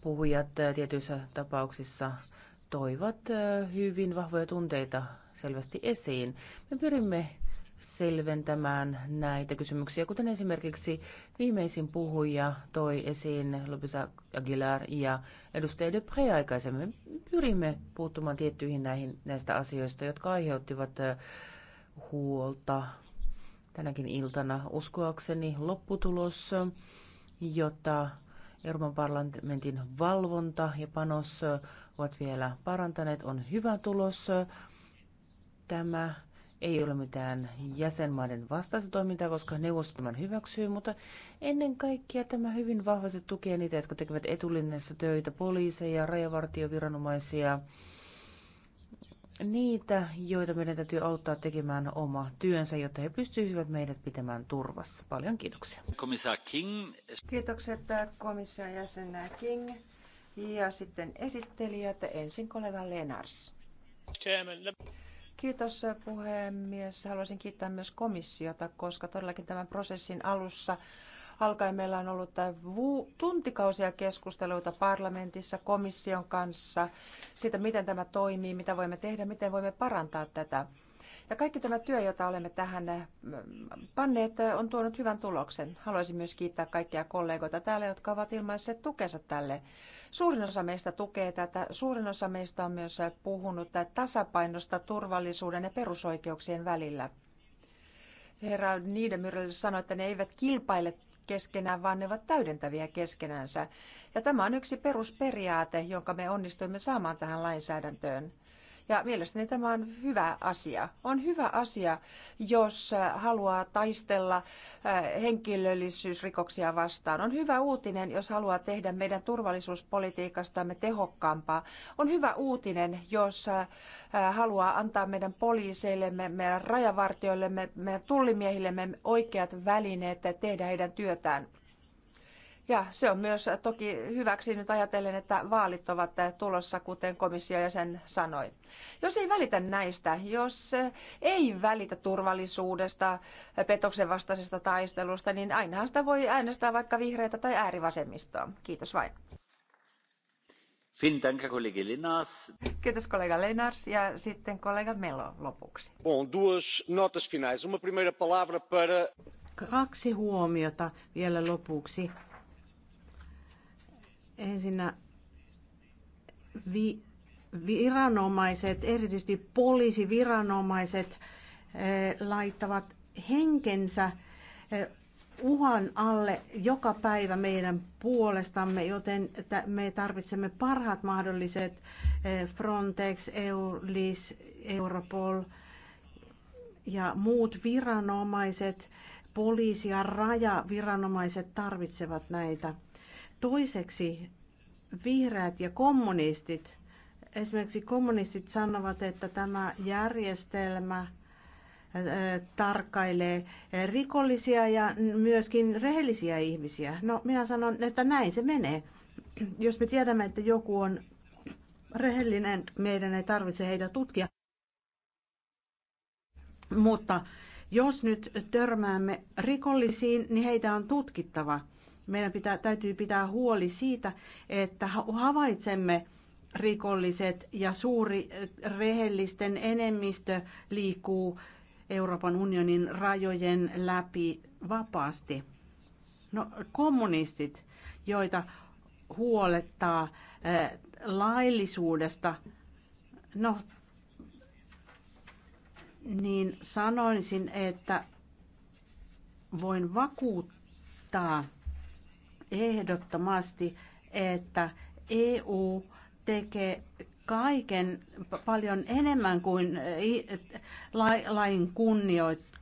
puhujat äh, tietyissä tapauksissa toivat äh, hyvin vahvoja tunteita selvästi esiin. Me pyrimme selventämään näitä kysymyksiä, kuten esimerkiksi viimeisin puhuja toi esiin Lopisa Aguilar ja edustaja Depre aikaisemmin. Pyrimme puuttumaan tiettyihin näihin, näistä asioista, jotka aiheuttivat äh, huolta tänäkin iltana. Uskoakseni lopputulos, jota Euroopan parlamentin valvonta ja panos ovat vielä parantaneet, on hyvä tulos. Tämä ei ole mitään jäsenmaiden vastaista toimintaa, koska neuvosto tämän hyväksyy, mutta ennen kaikkea tämä hyvin vahvasti tukee niitä, jotka tekevät etulinnassa töitä, poliiseja, rajavartioviranomaisia, viranomaisia niitä, joita meidän täytyy auttaa tekemään oma työnsä, jotta he pystyisivät meidät pitämään turvassa. Paljon kiitoksia. Komissaar King. Kiitokset äh, komission jäsenä äh, King. Ja sitten esittelijät, ensin kollega Lenars. Chairman. Kiitos äh, puhemies. Haluaisin kiittää myös komissiota, koska todellakin tämän prosessin alussa alkaen meillä on ollut tuntikausia keskusteluita parlamentissa komission kanssa siitä, miten tämä toimii, mitä voimme tehdä, miten voimme parantaa tätä. Ja kaikki tämä työ, jota olemme tähän äh, panneet, äh, on tuonut hyvän tuloksen. Haluaisin myös kiittää kaikkia kollegoita täällä, jotka ovat ilmaisseet tukensa tälle. Suurin osa meistä tukee tätä. Suurin osa meistä on myös äh, puhunut tasapainosta turvallisuuden ja perusoikeuksien välillä. Herra Niidemyrille sanoi, että ne eivät kilpaile keskenään, vaan ne ovat täydentäviä keskenänsä. Ja tämä on yksi perusperiaate, jonka me onnistuimme saamaan tähän lainsäädäntöön. Ja mielestäni tämä on hyvä asia. On hyvä asia, jos äh, haluaa taistella äh, henkilöllisyysrikoksia vastaan. On hyvä uutinen, jos haluaa tehdä meidän turvallisuuspolitiikastamme tehokkaampaa. On hyvä uutinen, jos äh, haluaa antaa meidän poliiseillemme, meidän rajavartijoillemme, meidän tullimiehillemme oikeat välineet tehdä heidän työtään. Ja se on myös toki hyväksi nyt ajatellen, että vaalit ovat tulossa, kuten komissio ja sen sanoi. Jos ei välitä näistä, jos ei välitä turvallisuudesta, petoksen vastaisesta taistelusta, niin ainahan sitä voi äänestää vaikka vihreitä tai äärivasemmistoa. Kiitos vain. Kiitos kollega Lenars ja sitten kollega Melo lopuksi. Bon duas notas finais. Uma primeira palavra para... Kaksi huomiota vielä lopuksi Ensinnä vi, viranomaiset, erityisesti poliisiviranomaiset, eh, laittavat henkensä eh, uhan alle joka päivä meidän puolestamme, joten me tarvitsemme parhaat mahdolliset eh, Frontex, EULIS, Europol ja muut viranomaiset, poliisi ja rajaviranomaiset tarvitsevat näitä Toiseksi vihreät ja kommunistit, esimerkiksi kommunistit sanovat, että tämä järjestelmä äh, tarkkailee rikollisia ja myöskin rehellisiä ihmisiä. No minä sanon, että näin se menee. Jos me tiedämme, että joku on rehellinen, meidän ei tarvitse heitä tutkia. Mutta jos nyt törmäämme rikollisiin, niin heitä on tutkittava. Meidän pitää, täytyy pitää huoli siitä, että havaitsemme rikolliset ja suuri rehellisten enemmistö liikkuu Euroopan unionin rajojen läpi vapaasti. No, kommunistit, joita huolettaa laillisuudesta, no, niin sanoisin, että voin vakuuttaa ehdottomasti, että EU tekee kaiken paljon enemmän kuin lain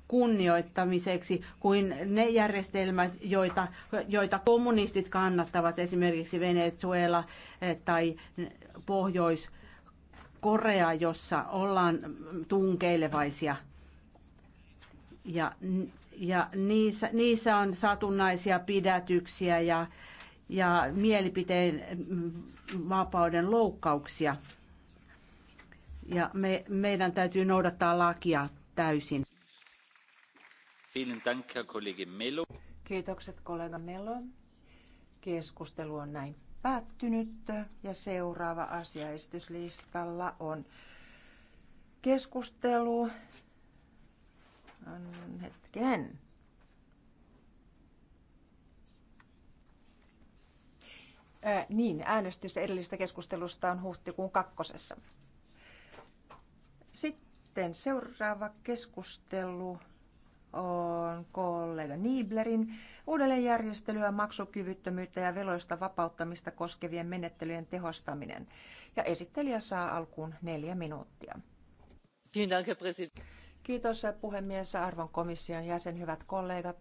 kunnioittamiseksi kuin ne järjestelmät, joita, joita kommunistit kannattavat, esimerkiksi Venezuela eh, tai Pohjois-Korea, jossa ollaan tunkeilevaisia. Ja ja niissä, niissä on satunnaisia pidätyksiä ja, ja mielipiteen mm, vapauden loukkauksia. Ja me, meidän täytyy noudattaa lakia täysin. Kiitokset kollega Melo. Keskustelu on näin päättynyt ja seuraava asiaesityslistalla on keskustelu on hetkinen. Ää, niin, äänestys edellisestä keskustelusta on huhtikuun kakkosessa. Sitten seuraava keskustelu on kollega Nieblerin uudelleenjärjestelyä, maksukyvyttömyyttä ja veloista vapauttamista koskevien menettelyjen tehostaminen. Ja esittelijä saa alkuun neljä minuuttia. Kiitos, Kiitos puhemies, arvon komission jäsen, hyvät kollegat.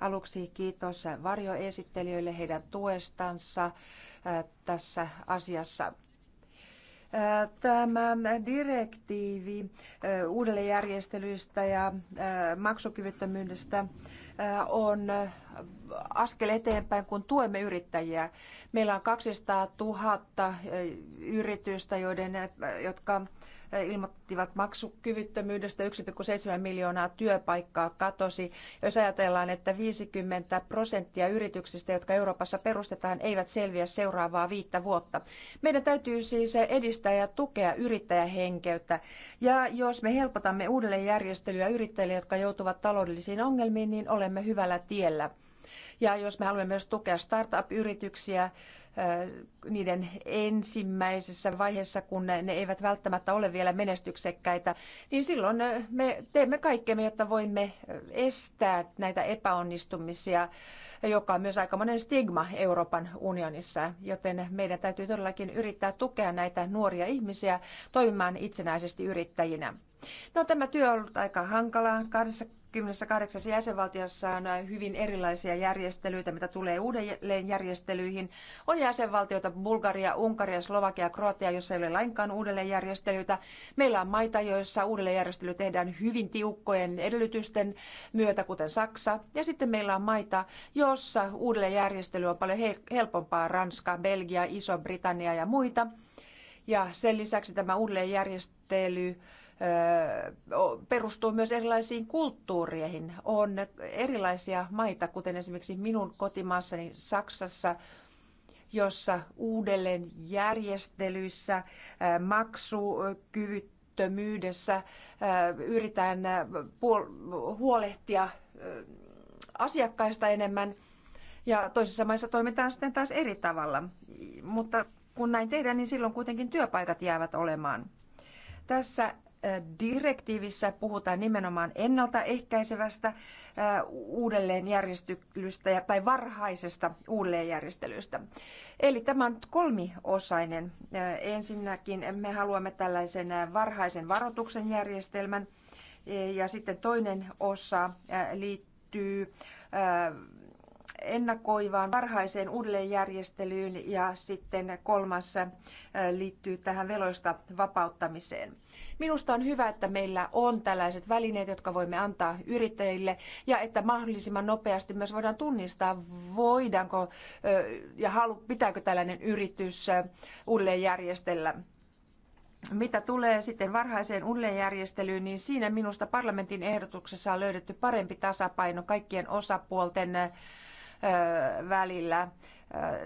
Aluksi kiitos varjoesittelijöille heidän tuestansa äh, tässä asiassa. Äh, tämä direktiivi äh, uudelleenjärjestelyistä ja maksukyvyttömyydestä on askel eteenpäin, kun tuemme yrittäjiä. Meillä on 200 000 yritystä, joiden, jotka ilmoittivat maksukyvyttömyydestä. 1,7 miljoonaa työpaikkaa katosi. Jos ajatellaan, että 50 prosenttia yrityksistä, jotka Euroopassa perustetaan, eivät selviä seuraavaa viittä vuotta. Meidän täytyy siis edistää ja tukea yrittäjähenkeyttä. Ja jos me helpotamme uudelleenjärjestelyä yrittäjille, jotka joutuvat taloudellisiin ongelmiin, niin olemme hyvällä tiellä. Ja jos me haluamme myös tukea startup-yrityksiä niiden ensimmäisessä vaiheessa, kun ne eivät välttämättä ole vielä menestyksekkäitä, niin silloin me teemme kaikkemme, jotta voimme estää näitä epäonnistumisia, joka on myös aikamoinen stigma Euroopan unionissa. Joten meidän täytyy todellakin yrittää tukea näitä nuoria ihmisiä toimimaan itsenäisesti yrittäjinä. No tämä työ on ollut aika hankalaa. 28 jäsenvaltiossa on hyvin erilaisia järjestelyitä, mitä tulee uudelleenjärjestelyihin. On jäsenvaltioita Bulgaria, Unkaria, Slovakia, Kroatia, jossa ei ole lainkaan uudelleenjärjestelyitä. Meillä on maita, joissa uudelleenjärjestely tehdään hyvin tiukkojen edellytysten myötä, kuten Saksa. Ja sitten meillä on maita, joissa uudelleenjärjestely on paljon helpompaa, Ranska, Belgia, Iso-Britannia ja muita. Ja sen lisäksi tämä uudelleenjärjestely järjestely perustuu myös erilaisiin kulttuureihin. On erilaisia maita, kuten esimerkiksi minun kotimaassani Saksassa, jossa uudelleen järjestelyissä, maksukyvyttömyydessä yritetään huolehtia asiakkaista enemmän ja toisissa maissa toimitaan sitten taas eri tavalla. Mutta kun näin tehdään, niin silloin kuitenkin työpaikat jäävät olemaan. Tässä direktiivissä puhutaan nimenomaan ennaltaehkäisevästä uudelleenjärjestelystä tai varhaisesta uudelleenjärjestelystä. Eli tämä on kolmiosainen. Ensinnäkin me haluamme tällaisen varhaisen varoituksen järjestelmän ja sitten toinen osa liittyy ennakoivaan varhaiseen uudelleenjärjestelyyn ja sitten kolmas äh, liittyy tähän veloista vapauttamiseen. Minusta on hyvä, että meillä on tällaiset välineet, jotka voimme antaa yrittäjille ja että mahdollisimman nopeasti myös voidaan tunnistaa, voidaanko äh, ja halu, pitääkö tällainen yritys äh, uudelleenjärjestellä mitä tulee sitten varhaiseen uudelleenjärjestelyyn, niin siinä minusta parlamentin ehdotuksessa on löydetty parempi tasapaino kaikkien osapuolten välillä,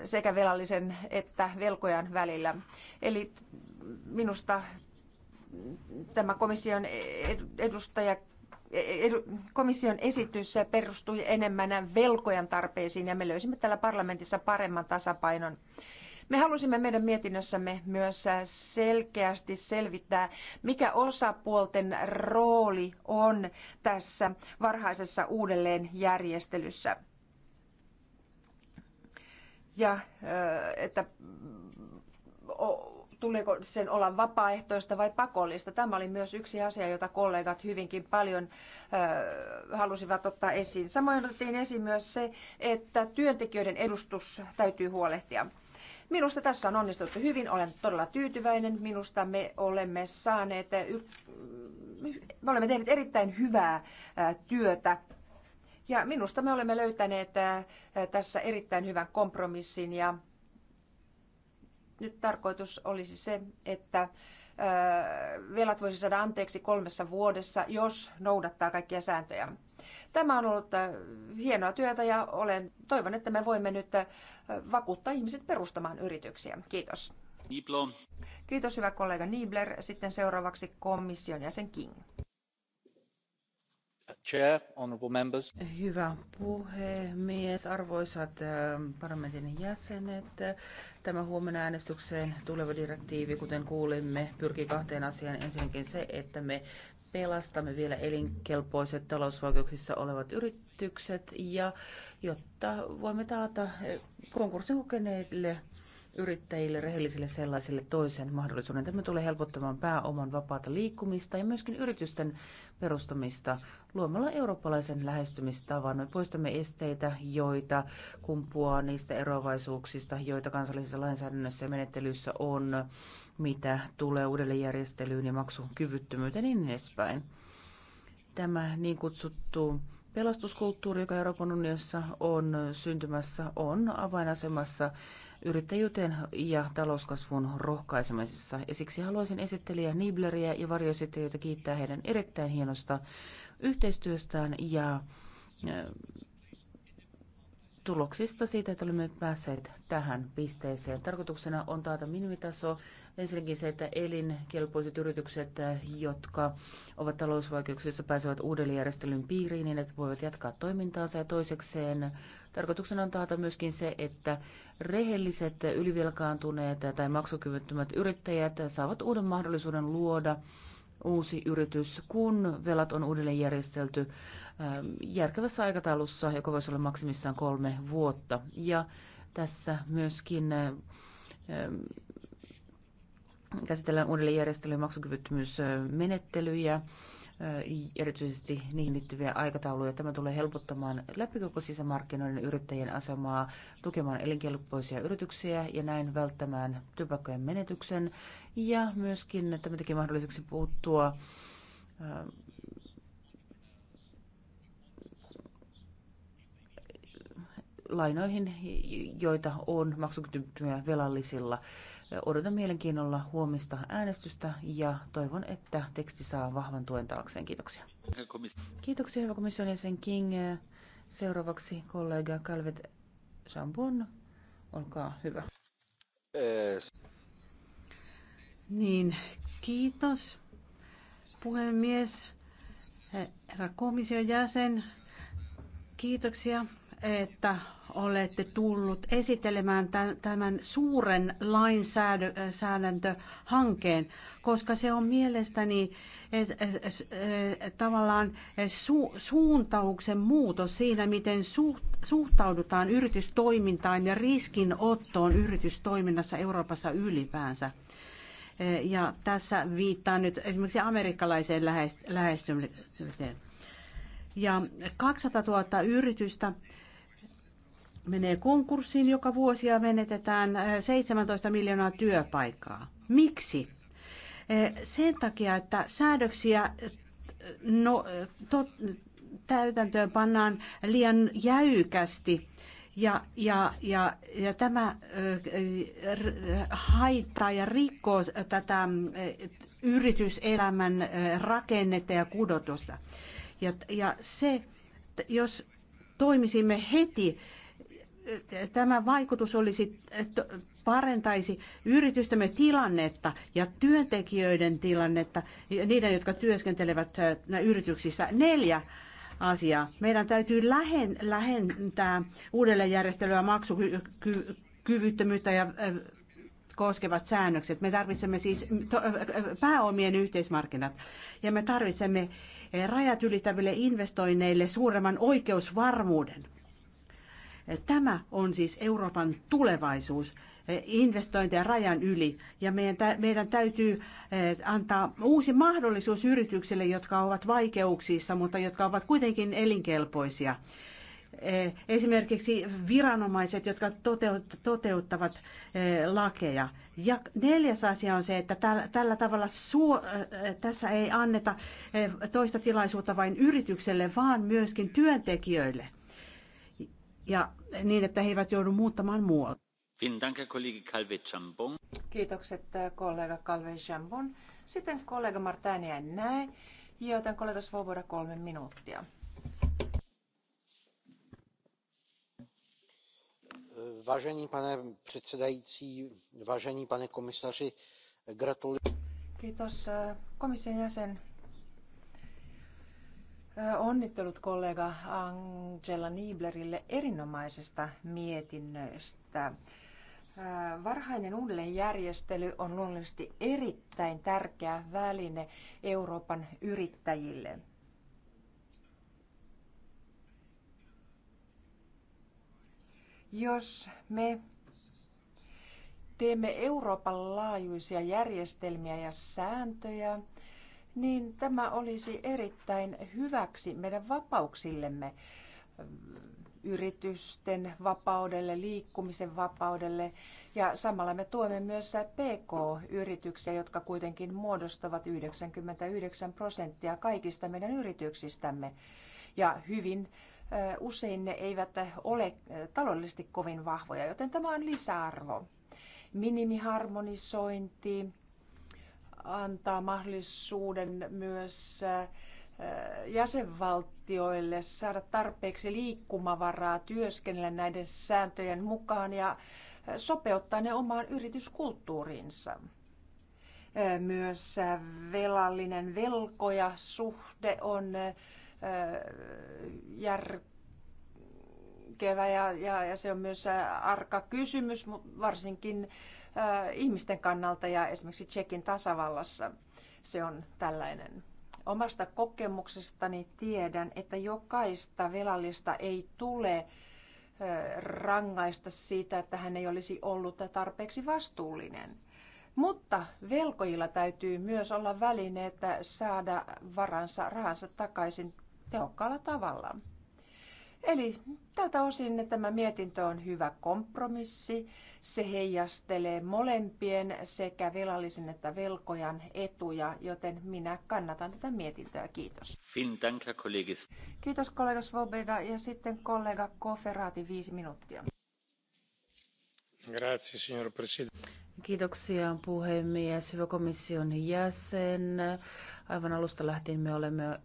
sekä velallisen että velkojan välillä. Eli minusta tämä komission edustaja komission esitys perustui enemmän velkojan tarpeisiin ja me löysimme täällä parlamentissa paremman tasapainon. Me halusimme meidän mietinnössämme myös selkeästi selvittää, mikä osapuolten rooli on tässä varhaisessa uudelleenjärjestelyssä ja että tuleeko sen olla vapaaehtoista vai pakollista. Tämä oli myös yksi asia, jota kollegat hyvinkin paljon halusivat ottaa esiin. Samoin otettiin esiin myös se, että työntekijöiden edustus täytyy huolehtia. Minusta tässä on onnistuttu hyvin, olen todella tyytyväinen. Minusta me olemme saaneet, me olemme tehneet erittäin hyvää työtä ja minusta me olemme löytäneet tässä erittäin hyvän kompromissin ja nyt tarkoitus olisi se, että velat voisi saada anteeksi kolmessa vuodessa, jos noudattaa kaikkia sääntöjä. Tämä on ollut hienoa työtä ja olen, toivon, että me voimme nyt vakuuttaa ihmiset perustamaan yrityksiä. Kiitos. Niblo. Kiitos hyvä kollega Niebler. Sitten seuraavaksi komission jäsen King. Chair, Hyvä puhemies, arvoisat ähm, parlamentin jäsenet. Tämä huomenna äänestykseen tuleva direktiivi, kuten kuulimme, pyrkii kahteen asiaan. Ensinnäkin se, että me pelastamme vielä elinkelpoiset talousvaikeuksissa olevat yritykset ja jotta voimme taata äh, konkurssin kokeneille yrittäjille, rehellisille sellaisille toisen mahdollisuuden. Tämä tulee helpottamaan pääoman vapaata liikkumista ja myöskin yritysten perustamista luomalla eurooppalaisen lähestymistavan. Me poistamme esteitä, joita kumpuaa niistä eroavaisuuksista, joita kansallisessa lainsäädännössä ja menettelyissä on, mitä tulee uudelleenjärjestelyyn ja maksukyvyttömyyteen kyvyttömyyteen niin edespäin. Tämä niin kutsuttu pelastuskulttuuri, joka Euroopan unionissa on syntymässä, on avainasemassa yrittäjyyteen ja talouskasvun rohkaisemisessa. Ja siksi haluaisin esittelijä Nibleriä ja varjoesittelijöitä kiittää heidän erittäin hienosta yhteistyöstään ja tuloksista siitä, että olemme päässeet tähän pisteeseen. Tarkoituksena on taata minimitaso. Ensinnäkin se, että elinkelpoiset yritykset, jotka ovat talousvaikeuksissa, pääsevät uudelleenjärjestelyn piiriin niin, että voivat jatkaa toimintaansa. Ja toisekseen tarkoituksena on taata myöskin se, että rehelliset, ylivelkaantuneet tai maksukyvyttömät yrittäjät saavat uuden mahdollisuuden luoda uusi yritys, kun velat on uudelleenjärjestelty Ähm, järkevässä aikataulussa, joka voisi olla maksimissaan kolme vuotta. Ja tässä myöskin äh, ähm, käsitellään uudelleen järjestelyä maksukyvyttömyysmenettelyjä, äh, erityisesti niihin liittyviä aikatauluja. Tämä tulee helpottamaan läpikoko sisämarkkinoiden yrittäjien asemaa, tukemaan elinkelpoisia yrityksiä ja näin välttämään työpaikkojen menetyksen. Ja myöskin tämä teki mahdolliseksi puuttua ähm, lainoihin, joita on maksukyvyttömiä velallisilla. Odotan mielenkiinnolla huomista äänestystä ja toivon, että teksti saa vahvan tuen taakseen. Kiitoksia. Kiitoksia, hyvä komission jäsen King. Seuraavaksi kollega Calvet Chambon. Olkaa hyvä. Niin, kiitos puhemies, herra komission jäsen. Kiitoksia, että olette tullut esittelemään tämän suuren lainsäädäntöhankkeen, äh, koska se on mielestäni äh, tavallaan äh, su, suuntauksen muutos siinä, miten suht, suhtaudutaan yritystoimintaan ja riskinottoon yritystoiminnassa Euroopassa ylipäänsä. Ja tässä viittaan nyt esimerkiksi amerikkalaiseen lähestymiseen. Ja 200 000 yritystä menee konkurssiin joka vuosi ja menetetään 17 eh, miljoonaa työpaikkaa. Miksi? Eh, sen takia, että säädöksiä eh, no, tot, täytäntöön pannaan liian jäykästi ja, ja, ja, ja tämä haittaa ja rikkoo tätä yrityselämän rakennetta ja kudotusta. Ja, ja se, jos toimisimme heti, tämä vaikutus olisi, parantaisi yritystämme tilannetta ja työntekijöiden tilannetta, niiden, jotka työskentelevät yrityksissä. Neljä asiaa. Meidän täytyy lähen, lähentää uudelleenjärjestelyä maksukyvyttömyyttä ja koskevat säännökset. Me tarvitsemme siis pääomien yhteismarkkinat ja me tarvitsemme rajat ylittäville investoinneille suuremman oikeusvarmuuden. Tämä on siis Euroopan tulevaisuus eh, investointeja rajan yli. Ja meidän, meidän täytyy eh, antaa uusi mahdollisuus yrityksille, jotka ovat vaikeuksissa, mutta jotka ovat kuitenkin elinkelpoisia. Eh, esimerkiksi viranomaiset, jotka toteuttavat lakeja. Ja neljäs asia on se, että tällä tavalla suo, tässä ei anneta toista tilaisuutta vain yritykselle, vaan myöskin työntekijöille ja niin, että he eivät joudu muuttamaan muualle. Kiitokset äh, kollega Calve Jambon. Sitten kollega Martania en näe, joten kollega Svoboda kolme minuuttia. Vážený pane předsedající, vážený pane komisaři, gratuluji. Kiitos äh, komission jäsen. Onnittelut kollega Angela Nieblerille erinomaisesta mietinnöstä. Varhainen uudelleenjärjestely on luonnollisesti erittäin tärkeä väline Euroopan yrittäjille. Jos me teemme Euroopan laajuisia järjestelmiä ja sääntöjä, niin tämä olisi erittäin hyväksi meidän vapauksillemme, yritysten vapaudelle, liikkumisen vapaudelle ja samalla me tuemme myös PK-yrityksiä, jotka kuitenkin muodostavat 99 prosenttia kaikista meidän yrityksistämme ja hyvin usein ne eivät ole taloudellisesti kovin vahvoja, joten tämä on lisäarvo. Minimiharmonisointi, antaa mahdollisuuden myös äh, jäsenvaltioille saada tarpeeksi liikkumavaraa työskennellä näiden sääntöjen mukaan ja äh, sopeuttaa ne omaan yrityskulttuuriinsa. Äh, myös velallinen velkoja suhde on järkevä ja, ja, ja se on myös arka kysymys, mutta varsinkin ihmisten kannalta ja esimerkiksi Tsekin tasavallassa se on tällainen. Omasta kokemuksestani tiedän, että jokaista velallista ei tule rangaista siitä, että hän ei olisi ollut tarpeeksi vastuullinen. Mutta velkojilla täytyy myös olla välineet saada varansa rahansa takaisin tehokkaalla tavalla. Eli tältä osin tämä mietintö on hyvä kompromissi. Se heijastelee molempien sekä velallisen että velkojan etuja, joten minä kannatan tätä mietintöä. Kiitos. Kiitos kollega Svoboda ja sitten kollega Koferaati viisi minuuttia. Grazie, signor Presidente. Kiitoksia puhemies, hyvä komission jäsen. Aivan alusta lähtien me olemme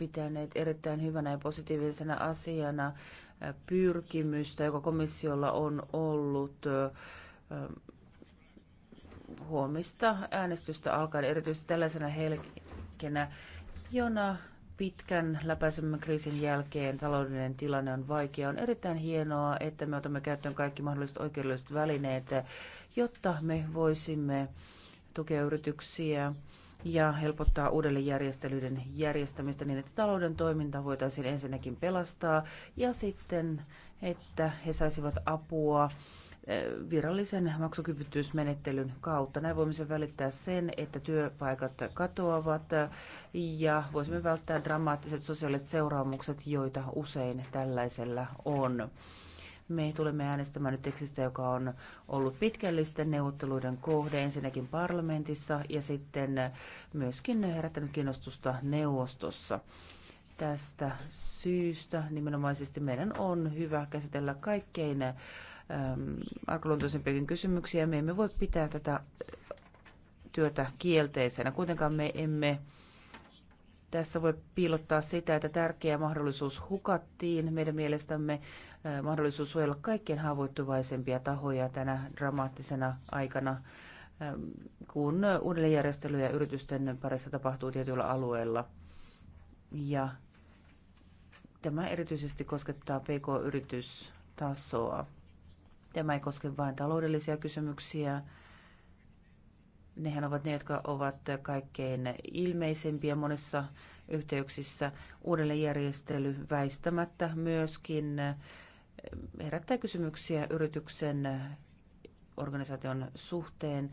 pitäneet erittäin hyvänä ja positiivisena asiana äh, pyrkimystä, joka komissiolla on ollut äh, äh, huomista äänestystä alkaen, erityisesti tällaisena helkenä, jona pitkän läpäisemmän kriisin jälkeen taloudellinen tilanne on vaikea. On erittäin hienoa, että me otamme käyttöön kaikki mahdolliset oikeudelliset välineet, jotta me voisimme tukea yrityksiä ja helpottaa uudelleenjärjestelyiden järjestämistä niin, että talouden toiminta voitaisiin ensinnäkin pelastaa ja sitten, että he saisivat apua eh, virallisen maksukyvyttyysmenettelyn kautta. Näin voimme sen välittää sen, että työpaikat katoavat ja voisimme välttää dramaattiset sosiaaliset seuraamukset, joita usein tällaisella on. Me tulemme äänestämään nyt tekstistä, joka on ollut pitkällisten neuvotteluiden kohde ensinnäkin parlamentissa ja sitten myöskin herättänyt kiinnostusta neuvostossa. Tästä syystä nimenomaisesti meidän on hyvä käsitellä kaikkein arkaluontoisempiakin kysymyksiä. Me emme voi pitää tätä työtä kielteisenä. Kuitenkaan me emme tässä voi piilottaa sitä, että tärkeä mahdollisuus hukattiin. Meidän mielestämme mahdollisuus suojella kaikkien haavoittuvaisempia tahoja tänä dramaattisena aikana, kun uudelleenjärjestelyjä yritysten parissa tapahtuu tietyillä alueilla. Ja tämä erityisesti koskettaa pk-yritystasoa. Tämä ei koske vain taloudellisia kysymyksiä, nehän ovat ne, jotka ovat kaikkein ilmeisempiä monissa yhteyksissä. Uudelleenjärjestely väistämättä myöskin herättää kysymyksiä yrityksen organisaation suhteen.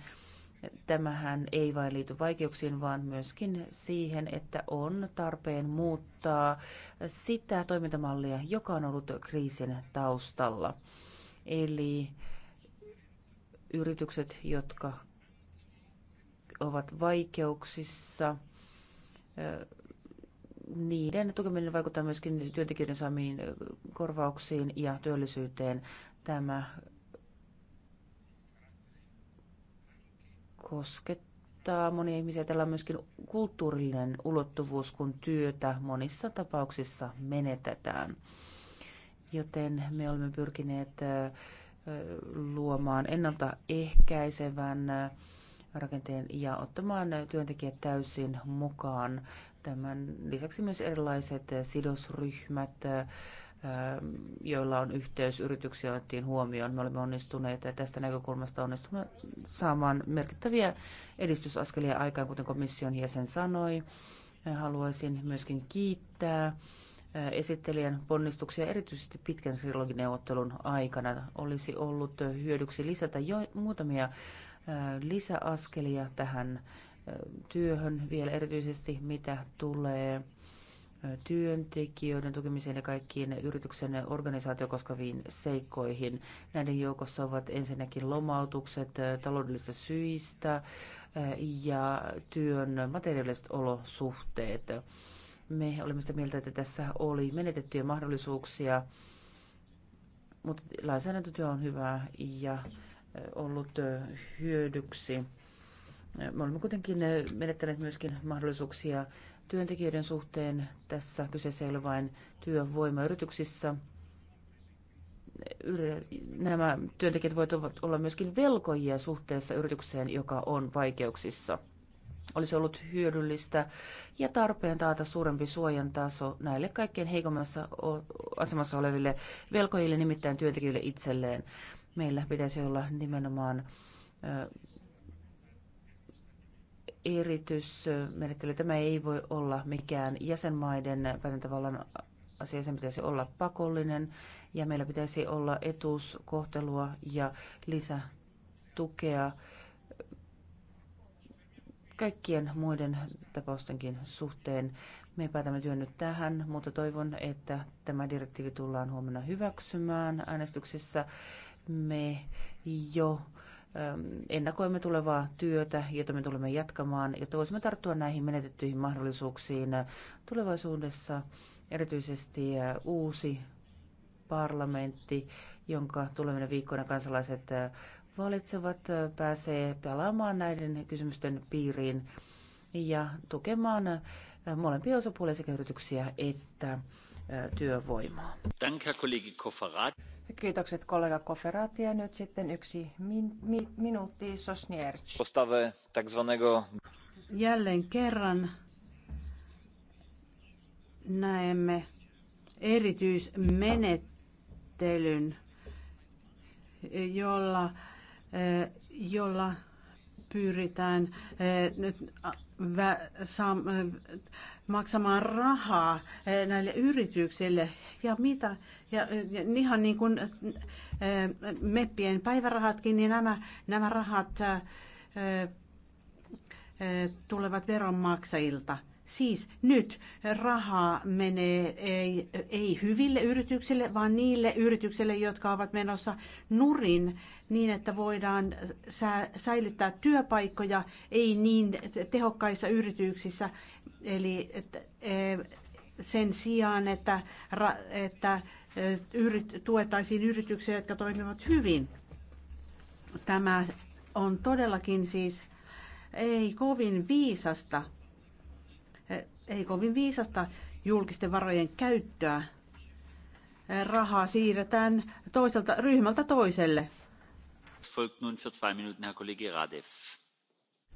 Tämähän ei vain liity vaikeuksiin, vaan myöskin siihen, että on tarpeen muuttaa sitä toimintamallia, joka on ollut kriisin taustalla. Eli yritykset, jotka ovat vaikeuksissa. Niiden tukeminen vaikuttaa myöskin työntekijöiden saamiin korvauksiin ja työllisyyteen. Tämä koskettaa monia ihmisiä. Tällä on myöskin kulttuurillinen ulottuvuus, kun työtä monissa tapauksissa menetetään. Joten me olemme pyrkineet luomaan ennaltaehkäisevän rakenteen ja ottamaan työntekijät täysin mukaan. Tämän lisäksi myös erilaiset sidosryhmät, joilla on yhteys yrityksiä otettiin huomioon. Me olemme onnistuneet tästä näkökulmasta onnistuneet saamaan merkittäviä edistysaskelia aikaan, kuten komission jäsen sanoi. Haluaisin myöskin kiittää esittelijän ponnistuksia erityisesti pitkän trilogineuvottelun aikana. Olisi ollut hyödyksi lisätä jo muutamia lisäaskelia tähän työhön vielä erityisesti, mitä tulee työntekijöiden tukemiseen ja kaikkiin yrityksen organisaatio koskeviin seikkoihin. Näiden joukossa ovat ensinnäkin lomautukset taloudellisista syistä ja työn materiaaliset olosuhteet. Me olimme sitä mieltä, että tässä oli menetettyjä mahdollisuuksia, mutta lainsäädäntötyö on hyvää ja ollut hyödyksi. Me olemme kuitenkin menettäneet myöskin mahdollisuuksia työntekijöiden suhteen. Tässä kyseessä ei ole vain työvoimayrityksissä. Nämä työntekijät voivat olla myöskin velkojia suhteessa yritykseen, joka on vaikeuksissa. Olisi ollut hyödyllistä ja tarpeen taata suurempi suojan taso näille kaikkein heikommassa asemassa oleville velkojille, nimittäin työntekijöille itselleen. Meillä pitäisi olla nimenomaan eritysmenettely. Tämä ei voi olla mikään jäsenmaiden päätäntävallan asia. Sen pitäisi olla pakollinen ja meillä pitäisi olla etuuskohtelua ja lisätukea kaikkien muiden tapaustenkin suhteen. Me päätämme työn nyt tähän, mutta toivon, että tämä direktiivi tullaan huomenna hyväksymään äänestyksessä me jo ennakoimme tulevaa työtä, jota me tulemme jatkamaan, jotta voisimme tarttua näihin menetettyihin mahdollisuuksiin tulevaisuudessa, erityisesti uusi parlamentti, jonka tulevina viikkoina kansalaiset valitsevat, pääsee pelaamaan näiden kysymysten piiriin ja tukemaan molempia osapuolia sekä yrityksiä että työvoimaa. Danke, Kiitokset kollega Koferati ja nyt sitten yksi min, mi, minuutti Sosnierc. Postave tak Jälleen kerran näemme erityismenettelyn, jolla, eh, jolla pyritään eh, nyt eh, maksamaan rahaa näille yrityksille ja mitä ja, ja ihan niin kuin äh, meppien päivärahatkin, niin nämä, nämä rahat ä, äh, ä, äh, tulevat veronmaksajilta. Siis nyt rahaa menee ei, ei hyville yrityksille, vaan niille yrityksille, jotka ovat menossa nurin niin, että voidaan säilyttää työpaikkoja ei niin tehokkaissa yrityksissä. Eli et, e, sen sijaan, että, että Eh, tuettaisiin yrityksiä, jotka toimivat hyvin. Tämä on todellakin siis ei kovin viisasta, eh, ei kovin viisasta julkisten varojen käyttöä. Eh, rahaa siirretään toiselta ryhmältä toiselle. Folgt nun für zwei Minuten Herr Kollege Radev.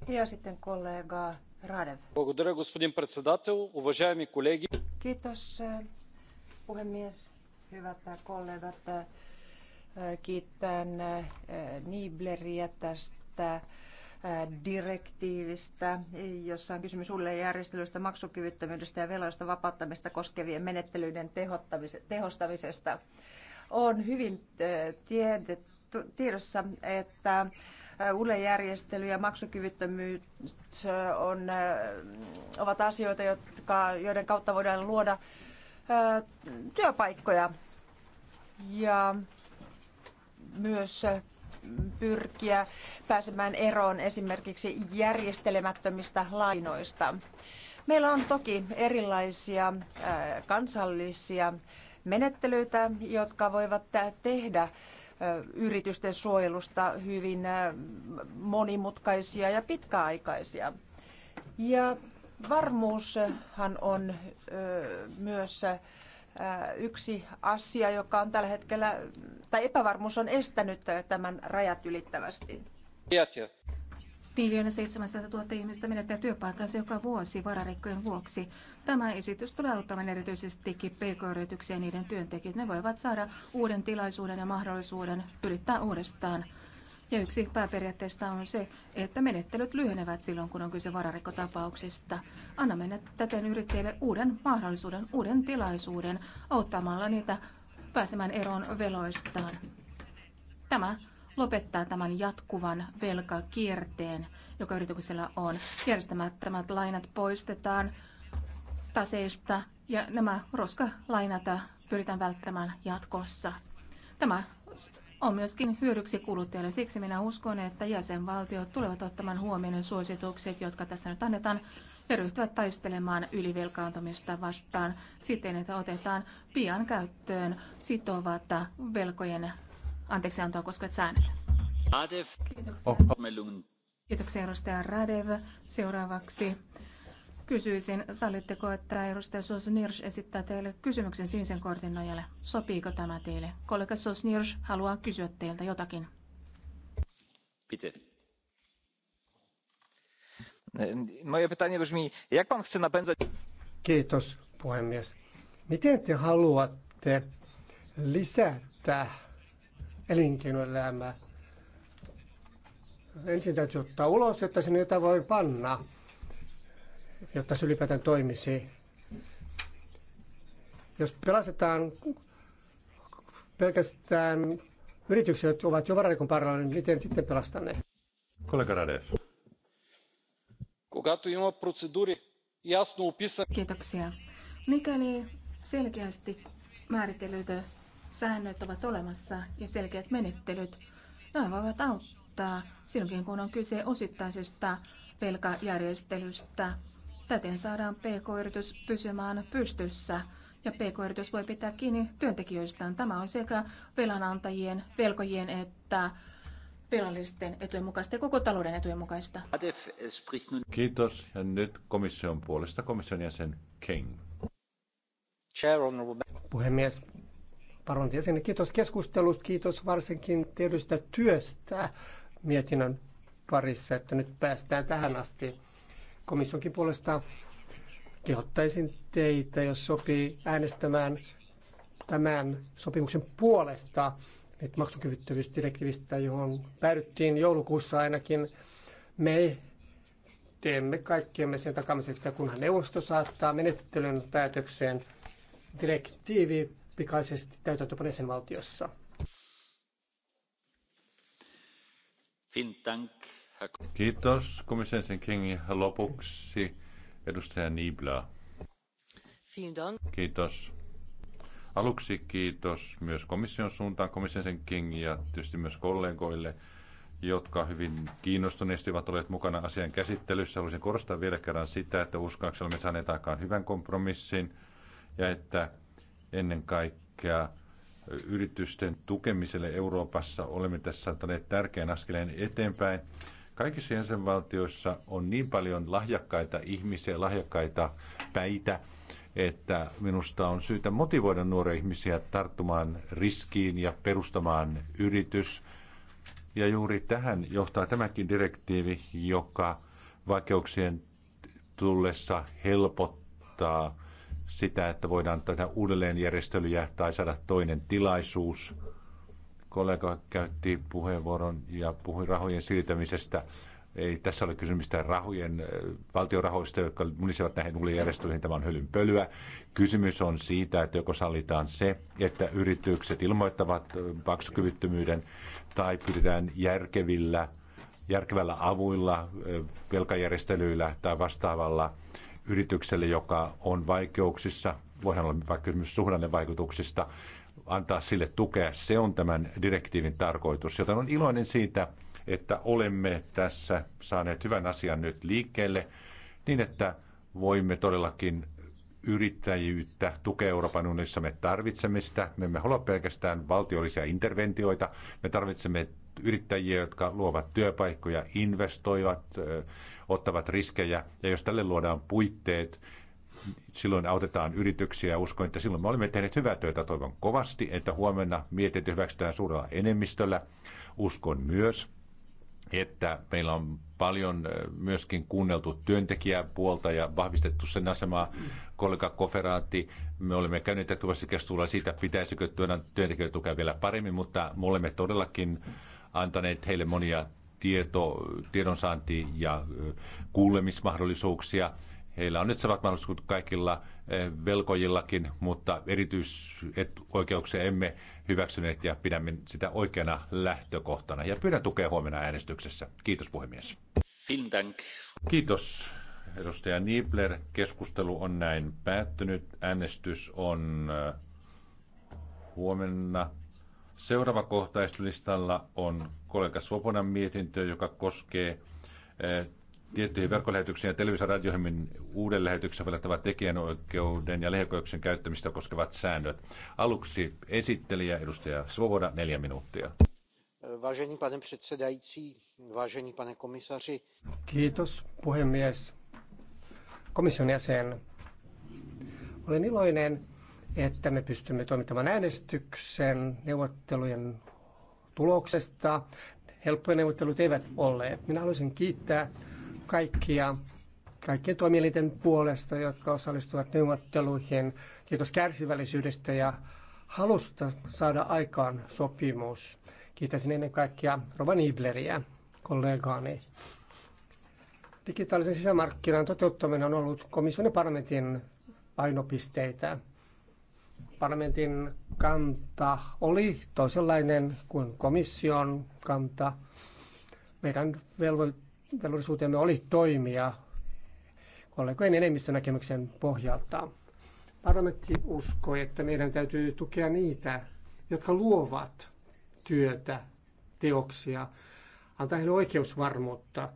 Ja sitten kollega Radev. Благодаря, господин председател. Уважаеми колеги. Kiitos, puhemies. Hyvät kollegat, kiitän eh, Nibleriä tästä eh, direktiivistä, jossa on kysymys uudelleenjärjestelystä, maksukyvyttömyydestä ja veloista vapauttamista koskevien menettelyiden tehostamisesta. On hyvin eh, tiedetty, tiedossa, että ulejärjestely ja maksukyvyttömyys on, ovat asioita, jotka, joiden kautta voidaan luoda työpaikkoja ja myös pyrkiä pääsemään eroon esimerkiksi järjestelemättömistä lainoista. Meillä on toki erilaisia kansallisia menettelyitä, jotka voivat tehdä yritysten suojelusta hyvin monimutkaisia ja pitkäaikaisia. Ja Varmuushan on myös yksi asia, joka on tällä hetkellä, tai epävarmuus on estänyt tämän rajat ylittävästi. Miljoona 700 000 ihmistä menettää työpaikkansa joka vuosi vararikkojen vuoksi. Tämä esitys tulee auttamaan erityisesti pk-yrityksiä ja niiden työntekijät. Ne voivat saada uuden tilaisuuden ja mahdollisuuden yrittää uudestaan. Ja yksi pääperiaatteista on se, että menettelyt lyhenevät silloin, kun on kyse vararikkotapauksista. Anna mennä täten yrittäjille uuden mahdollisuuden, uuden tilaisuuden auttamalla niitä pääsemään eroon veloistaan. Tämä lopettaa tämän jatkuvan velkakierteen, joka yrityksellä on. Järjestämättömät lainat poistetaan taseista ja nämä roskalainat pyritään välttämään jatkossa. Tämä on myöskin hyödyksi kuluttajalle Siksi minä uskon, että jäsenvaltiot tulevat ottamaan huomioon ne suositukset, jotka tässä nyt annetaan, ja ryhtyvät taistelemaan ylivelkaantumista vastaan siten, että otetaan pian käyttöön sitovat velkojen anteeksiantoa koskevat säännöt. Kiitoksia. Kiitoksia edustaja Radev. Seuraavaksi Kysyisin, sallitteko, että edustaja Sosnirs esittää teille kysymyksen sinisen kortin nojalle. Sopiiko tämä teille? Kollega Sosnirs haluaa kysyä teiltä jotakin. Pite. Moje pytanie brzmi, jak pan chce napędzać... Kiitos, puhemies. Miten te haluatte lisätä elinkeinoelämää? Ensin täytyy ottaa ulos, että sinne jotain voi panna jotta se ylipäätään toimisi. Jos pelastetaan pelkästään yritykset, jotka ovat jo varallikon paralla, niin miten sitten pelastaa ne? Kollega Radev. Kiitoksia. Mikäli niin selkeästi määritellyt säännöt ovat olemassa ja selkeät menettelyt, nämä voivat auttaa silloin, kun on kyse osittaisesta velkajärjestelystä Täten saadaan pk-yritys pysymään pystyssä ja pk-yritys voi pitää kiinni työntekijöistään. Tämä on sekä velanantajien, velkojien että velallisten etujen mukaista ja koko talouden etujen mukaista. Kiitos. Ja nyt komission puolesta komission jäsen King. Puhemies, parlamentin jäsen, kiitos keskustelusta, kiitos varsinkin tietystä työstä mietinnön parissa, että nyt päästään tähän asti. Komissionkin puolesta kehottaisin teitä, jos sopii, äänestämään tämän sopimuksen puolesta, että maksukyvyttömyysdirektiivistä, johon päädyttiin joulukuussa ainakin, me teemme kaikkemme sen takamiseksi, että kunhan neuvosto saattaa menettelyn päätökseen direktiivi pikaisesti täytäntöpano valtiossa. Fin Dank. Kiitos komission King. Lopuksi edustaja Nibla. Kiitos. Aluksi kiitos myös komission suuntaan, komission King ja tietysti myös kollegoille, jotka hyvin kiinnostuneesti ovat olleet mukana asian käsittelyssä. Haluaisin korostaa vielä kerran sitä, että uskoakseni me saaneet aikaan hyvän kompromissin ja että ennen kaikkea yritysten tukemiselle Euroopassa olemme tässä ottaneet tärkeän askeleen eteenpäin. Kaikissa jäsenvaltioissa on niin paljon lahjakkaita ihmisiä, lahjakkaita päitä, että minusta on syytä motivoida nuoria ihmisiä tarttumaan riskiin ja perustamaan yritys. Ja juuri tähän johtaa tämäkin direktiivi, joka vaikeuksien tullessa helpottaa sitä, että voidaan tehdä uudelleenjärjestelyjä tai saada toinen tilaisuus kollega käytti puheenvuoron ja puhui rahojen siirtämisestä. Ei tässä ole kysymys mistään rahojen, äh, valtiorahoista, jotka munisivat näihin ulijärjestöihin. Tämä on pölyä. Kysymys on siitä, että joko sallitaan se, että yritykset ilmoittavat äh, maksukyvyttömyyden tai pyritään järkevillä, järkevällä avuilla, äh, velkajärjestelyillä tai vastaavalla yritykselle, joka on vaikeuksissa. Voihan olla vaikka kysymys suhdannevaikutuksista antaa sille tukea. Se on tämän direktiivin tarkoitus, joten on iloinen siitä, että olemme tässä saaneet hyvän asian nyt liikkeelle niin, että voimme todellakin yrittäjyyttä tukea Euroopan unionissa. Me tarvitsemme sitä. Me emme halua pelkästään valtiollisia interventioita. Me tarvitsemme yrittäjiä, jotka luovat työpaikkoja, investoivat, ottavat riskejä. Ja jos tälle luodaan puitteet, silloin autetaan yrityksiä. Uskon, että silloin me olemme tehneet hyvää työtä. Toivon kovasti, että huomenna mietintö hyväksytään suurella enemmistöllä. Uskon myös, että meillä on paljon eh, myöskin kuunneltu työntekijäpuolta ja vahvistettu sen asemaa. Kollega Koferaatti, me olemme käyneet jatkuvasti keskustelua siitä, pitäisikö työntekijöitä tukea vielä paremmin, mutta me olemme todellakin antaneet heille monia tieto, tiedonsaanti- ja eh, kuulemismahdollisuuksia. Heillä on nyt samat mahdollisuudet kuin kaikilla eh, velkojillakin, mutta erityisoikeuksia emme hyväksyneet ja pidämme sitä oikeana lähtökohtana. Ja pyydän tukea huomenna äänestyksessä. Kiitos puhemies. Kiitos edustaja Niebler. Keskustelu on näin päättynyt. Äänestys on eh, huomenna. Seuraava kohtaistulistalla on kollega Svobodan mietintö, joka koskee eh, tiettyihin verkkolähetyksiin ja televisioradioihin uuden lähetyksen välttävät tekijänoikeuden ja lehekoiksen käyttämistä koskevat säännöt. Aluksi esittelijä edustaja Svoboda, neljä minuuttia. Vážený pane předsedající, vážený pane komisaři. Kiitos puhemies. Komission jäsen. Olen iloinen, että me pystymme toimittamaan äänestyksen neuvottelujen tuloksesta helppoja neuvottelut eivät olleet. Minä haluaisin kiittää kaikkia kaikkien toimielinten puolesta, jotka osallistuvat neuvotteluihin. Kiitos kärsivällisyydestä ja halusta saada aikaan sopimus. Kiitäisin ennen kaikkea Rovan Ibleriä, kollegaani. Digitaalisen sisämarkkinan toteuttaminen on ollut komission ja parlamentin painopisteitä. Parlamentin kanta oli toisenlainen kuin komission kanta. Meidän velvoitteemme velvollisuutemme oli toimia kollegojen enemmistönäkemyksen pohjalta. Parlamentti uskoi, että meidän täytyy tukea niitä, jotka luovat työtä, teoksia, antaa heille oikeusvarmuutta,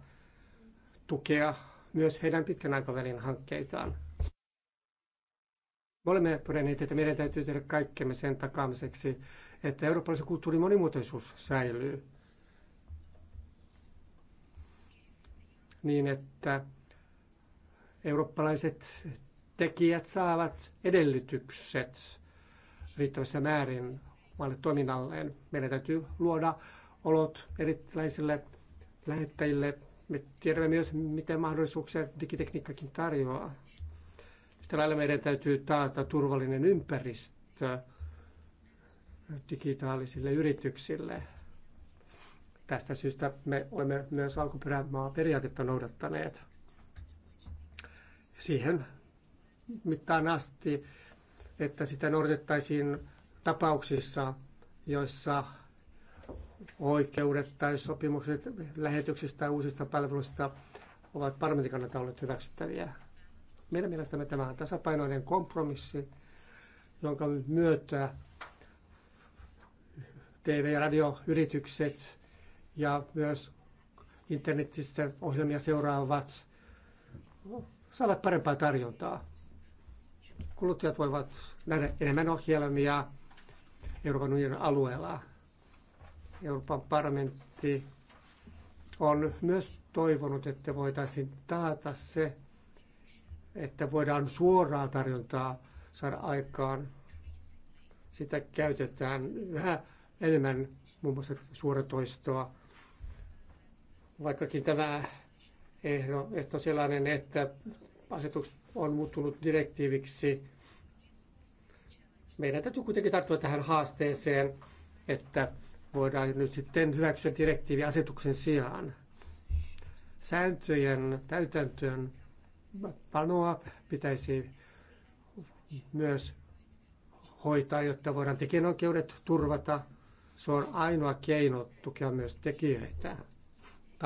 tukea myös heidän pitkän aikavälin hankkeitaan. Me olemme todenneet, että meidän täytyy tehdä kaikkemme sen takaamiseksi, että eurooppalaisen kulttuurin monimuotoisuus säilyy. niin, että eurooppalaiset tekijät saavat edellytykset riittävässä määrin omalle toiminnalleen. Meidän täytyy luoda olot erilaisille lähettäjille. Me tiedämme myös, miten mahdollisuuksia digitekniikkakin tarjoaa. Yhtä lailla meidän täytyy taata turvallinen ympäristö digitaalisille yrityksille. Tästä syystä me olemme myös alkuperämaa periaatetta noudattaneet. Siihen mittaan asti, että sitä noudatettaisiin tapauksissa, joissa oikeudet tai sopimukset lähetyksistä tai uusista palveluista ovat parlamentin kannalta olleet hyväksyttäviä. Meidän mielestämme tämä on tasapainoinen kompromissi, jonka myötä TV- ja radioyritykset ja myös internetissä ohjelmia seuraavat saavat parempaa tarjontaa. Kuluttajat voivat nähdä enemmän ohjelmia Euroopan unionin alueella. Euroopan parlamentti on myös toivonut, että voitaisiin taata se, että voidaan suoraa tarjontaa saada aikaan. Sitä käytetään vähän enemmän muun muassa suoratoistoa Vaikkakin tämä ehdo, ehto sellainen, että asetus on muuttunut direktiiviksi, meidän täytyy kuitenkin tarttua tähän haasteeseen, että voidaan nyt sitten hyväksyä direktiivi asetuksen sijaan. Sääntöjen täytäntöön panoa pitäisi myös hoitaa, jotta voidaan tekijänoikeudet turvata. Se on ainoa keino tukea myös tekijöitä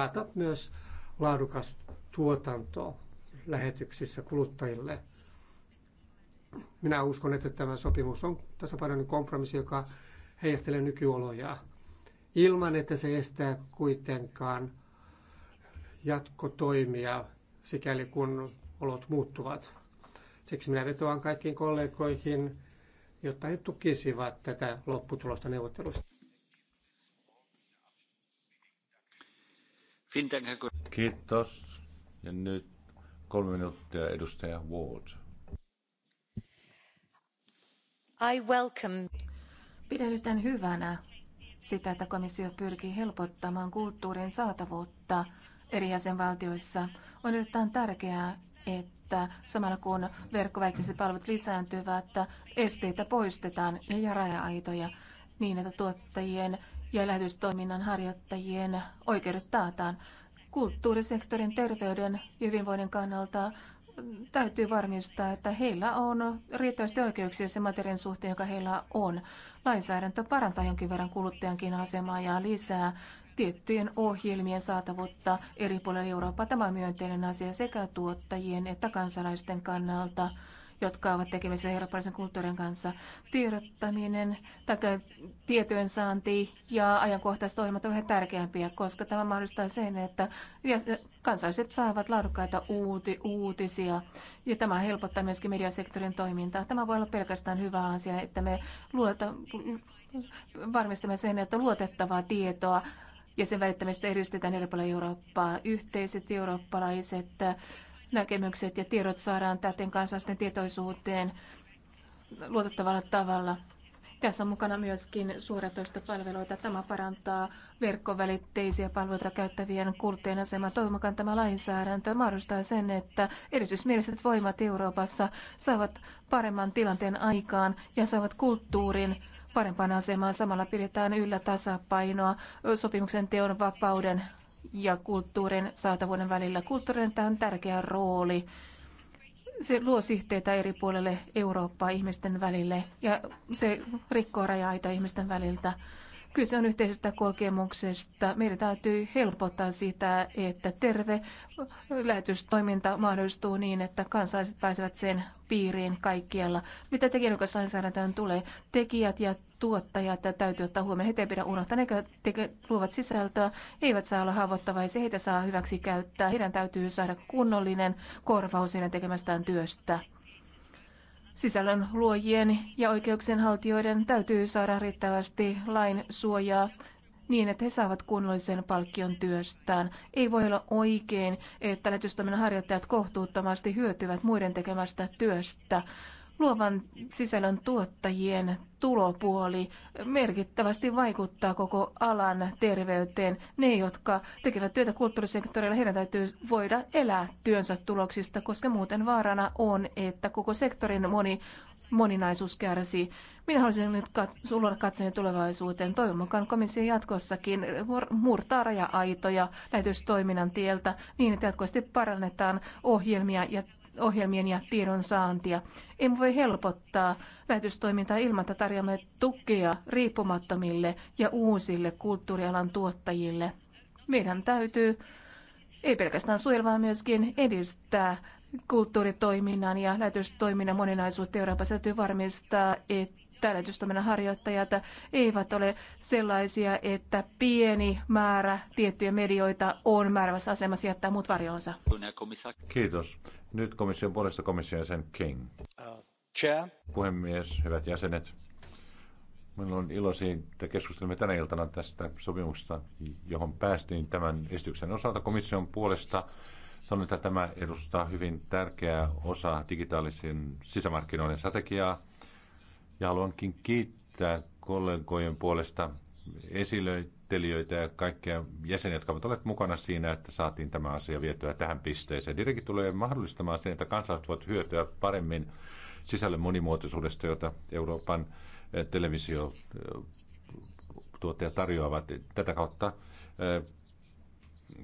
taata myös laadukas tuotanto lähetyksissä kuluttajille. Minä uskon, että tämä sopimus on tasapainoinen kompromissi, joka heijastelee nykyoloja ilman, että se estää kuitenkaan jatkotoimia, sikäli kun olot muuttuvat. Siksi minä vetoan kaikkiin kollegoihin, jotta he tukisivat tätä lopputulosta neuvottelusta. Kiitos. Ja nyt kolme minuuttia edustaja Ward. I welcome. Pidän nyt hyvänä sitä, että komissio pyrkii helpottamaan kulttuurin saatavuutta eri jäsenvaltioissa. On erittäin tärkeää, että samalla kun verkkoväittiset palvelut lisääntyvät, esteitä poistetaan ja raja-aitoja niin, että tuottajien ja lähetystoiminnan harjoittajien oikeudet taataan. Kulttuurisektorin terveyden ja hyvinvoinnin kannalta mm, täytyy varmistaa, että heillä on riittävästi oikeuksia sen materiaalin suhteen, joka heillä on. Lainsäädäntö parantaa jonkin verran kuluttajankin asemaa ja lisää tiettyjen ohjelmien saatavuutta eri puolilla Eurooppaa. Tämä on myönteinen asia sekä tuottajien että kansalaisten kannalta jotka ovat tekemisissä eurooppalaisen kulttuurin kanssa. Tiedottaminen tai tietojen saanti ja ajankohtaiset ohjelmat ovat tärkeämpiä, koska tämä mahdollistaa sen, että kansalaiset saavat laadukkaita uuti, uutisia ja tämä helpottaa myöskin mediasektorin toimintaa. Tämä voi olla pelkästään hyvä asia, että me luota, varmistamme sen, että luotettavaa tietoa ja sen välittämistä edistetään eri puolilla Eurooppaa. Yhteiset eurooppalaiset näkemykset ja tiedot saadaan täten kansalaisten tietoisuuteen luotettavalla tavalla. Tässä on mukana myöskin palveluita. Tämä parantaa verkkovälitteisiä palveluita käyttävien kulttien asemaa. Toivon mukaan tämä lainsäädäntö mahdollistaa sen, että erityismieliset voimat Euroopassa saavat paremman tilanteen aikaan ja saavat kulttuurin parempaan asemaan. Samalla pidetään yllä tasapainoa sopimuksen teon vapauden ja kulttuurin saatavuuden välillä. Kulttuurin on tärkeä rooli. Se luo sihteitä eri puolelle Eurooppaa ihmisten välille ja se rikkoo rajaita ihmisten väliltä. Kyse on yhteisestä kokemuksesta. Meidän täytyy helpottaa sitä, että terve lähetystoiminta mahdollistuu niin, että kansalaiset pääsevät sen piiriin kaikkialla. Mitä tekijänoikeuslainsäädäntöön tulee? Tekijät ja tuottajat täytyy ottaa huomioon. Heitä ei pidä unohtaa. Ne luovat sisältöä, eivät saa olla haavoittavaisia, heitä saa hyväksi käyttää. Heidän täytyy saada kunnollinen korvaus heidän tekemästään työstä. Sisällön luojien ja oikeuksien haltijoiden täytyy saada riittävästi lain suojaa niin, että he saavat kunnollisen palkkion työstään. Ei voi olla oikein, että lähetystoiminnan harjoittajat kohtuuttomasti hyötyvät muiden tekemästä työstä luovan sisällön tuottajien tulopuoli merkittävästi vaikuttaa koko alan terveyteen. Ne, jotka tekevät työtä kulttuurisektorilla, heidän täytyy voida elää työnsä tuloksista, koska muuten vaarana on, että koko sektorin moni moninaisuus kärsii. Minä haluaisin nyt sulla katseeni tulevaisuuteen. Toivon mukaan komissio jatkossakin murtaa raja-aitoja lähetystoiminnan tieltä niin, että jatkuvasti parannetaan ohjelmia ja ohjelmien ja tiedon saantia. Emme voi helpottaa lähetystoimintaa ilman, että tarjoamme tukea riippumattomille ja uusille kulttuurialan tuottajille. Meidän täytyy ei pelkästään suojella, vaan myöskin edistää kulttuuritoiminnan ja lähetystoiminnan moninaisuutta Euroopassa. Täytyy varmistaa, että täydetystoiminnan harjoittajat eivät ole sellaisia, että pieni määrä tiettyjä medioita on määrävässä asemassa jättää muut varjoonsa. Kiitos. Nyt komission puolesta komission jäsen King. Uh, chair. Puhemies, hyvät jäsenet. Minulla on ilo siitä, että keskustelimme tänä iltana tästä sopimuksesta, johon päästiin tämän esityksen osalta komission puolesta. Sanon, että tämä edustaa hyvin tärkeää osa digitaalisen sisämarkkinoiden strategiaa. Ja haluankin kiittää kollegojen puolesta esilöittelijöitä ja kaikkia jäseniä, jotka ovat olleet mukana siinä, että saatiin tämä asia vietyä tähän pisteeseen. Direktiivi tulee mahdollistamaan sen, että kansalaiset voivat hyötyä paremmin sisällön monimuotoisuudesta, jota Euroopan eh, televisio eh, tuottajat tarjoavat. Tätä kautta eh,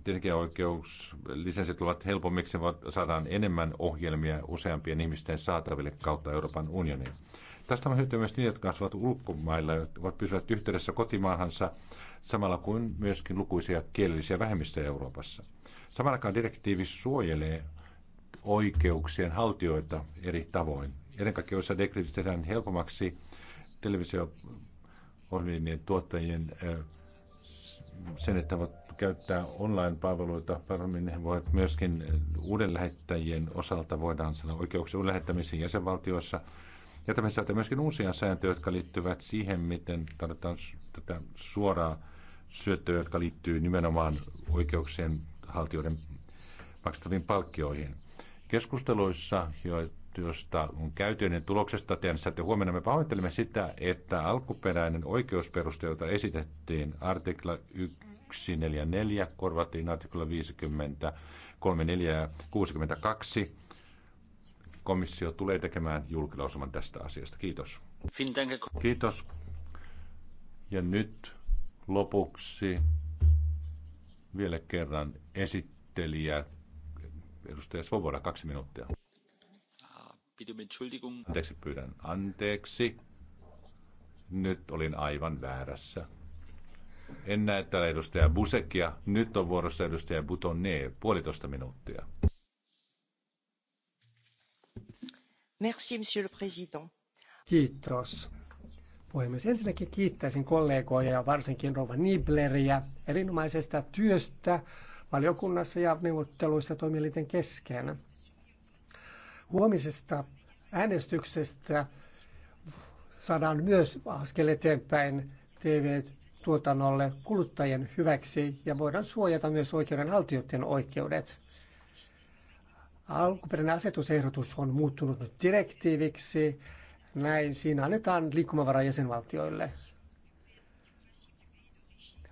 tekijäoikeus, lisenssit ovat helpommiksi, saadaan enemmän ohjelmia useampien ihmisten saataville kautta Euroopan unionin. Tästä on hyötyä myös niitä, jotka asuvat ulkomailla, ovat pysyvät yhteydessä kotimaahansa, samalla kuin myöskin lukuisia kielellisiä vähemmistöjä Euroopassa. Samallakaan direktiivi suojelee oikeuksien haltijoita eri tavoin. Ennen kaikkea, joissa direktiivi tehdään helpommaksi televisio-ohjelmien tuottajien sen, että voivat käyttää online-palveluita paremmin. He voivat myöskin uuden lähettäjien osalta voidaan sanoa oikeuksia uuden lähettämisiin jäsenvaltioissa – ja tämä sisältää myöskin uusia sääntöjä, jotka liittyvät siihen, miten tarvitaan tätä suoraa syöttöä, jotka liittyy nimenomaan oikeuksien haltijoiden maksettaviin palkkioihin. Keskusteluissa, joista on käyty ennen tuloksesta tehdessä, että huomenna me pahoittelemme sitä, että alkuperäinen oikeusperuste, jota esitettiin, artikla 144, korvattiin artikla 53, 34 ja 62, komissio tulee tekemään julkilausuman tästä asiasta. Kiitos. Kiitos. Ja nyt lopuksi vielä kerran esittelijä, edustaja Svoboda, kaksi minuuttia. Anteeksi, pyydän anteeksi. Nyt olin aivan väärässä. En näe täällä edustaja Busekia. Nyt on vuorossa edustaja Butonne, puolitoista minuuttia. monsieur le président. Kiitos. Puhemies, ensinnäkin kiittäisin kollegoja ja varsinkin Rova Nibleriä erinomaisesta työstä valiokunnassa ja neuvotteluissa toimielinten kesken. Huomisesta äänestyksestä saadaan myös askel eteenpäin TV-tuotannolle kuluttajien hyväksi ja voidaan suojata myös oikeudenhaltijoiden oikeudet. Alkuperäinen asetusehdotus on muuttunut nyt direktiiviksi. Näin siinä annetaan liikkumavara jäsenvaltioille.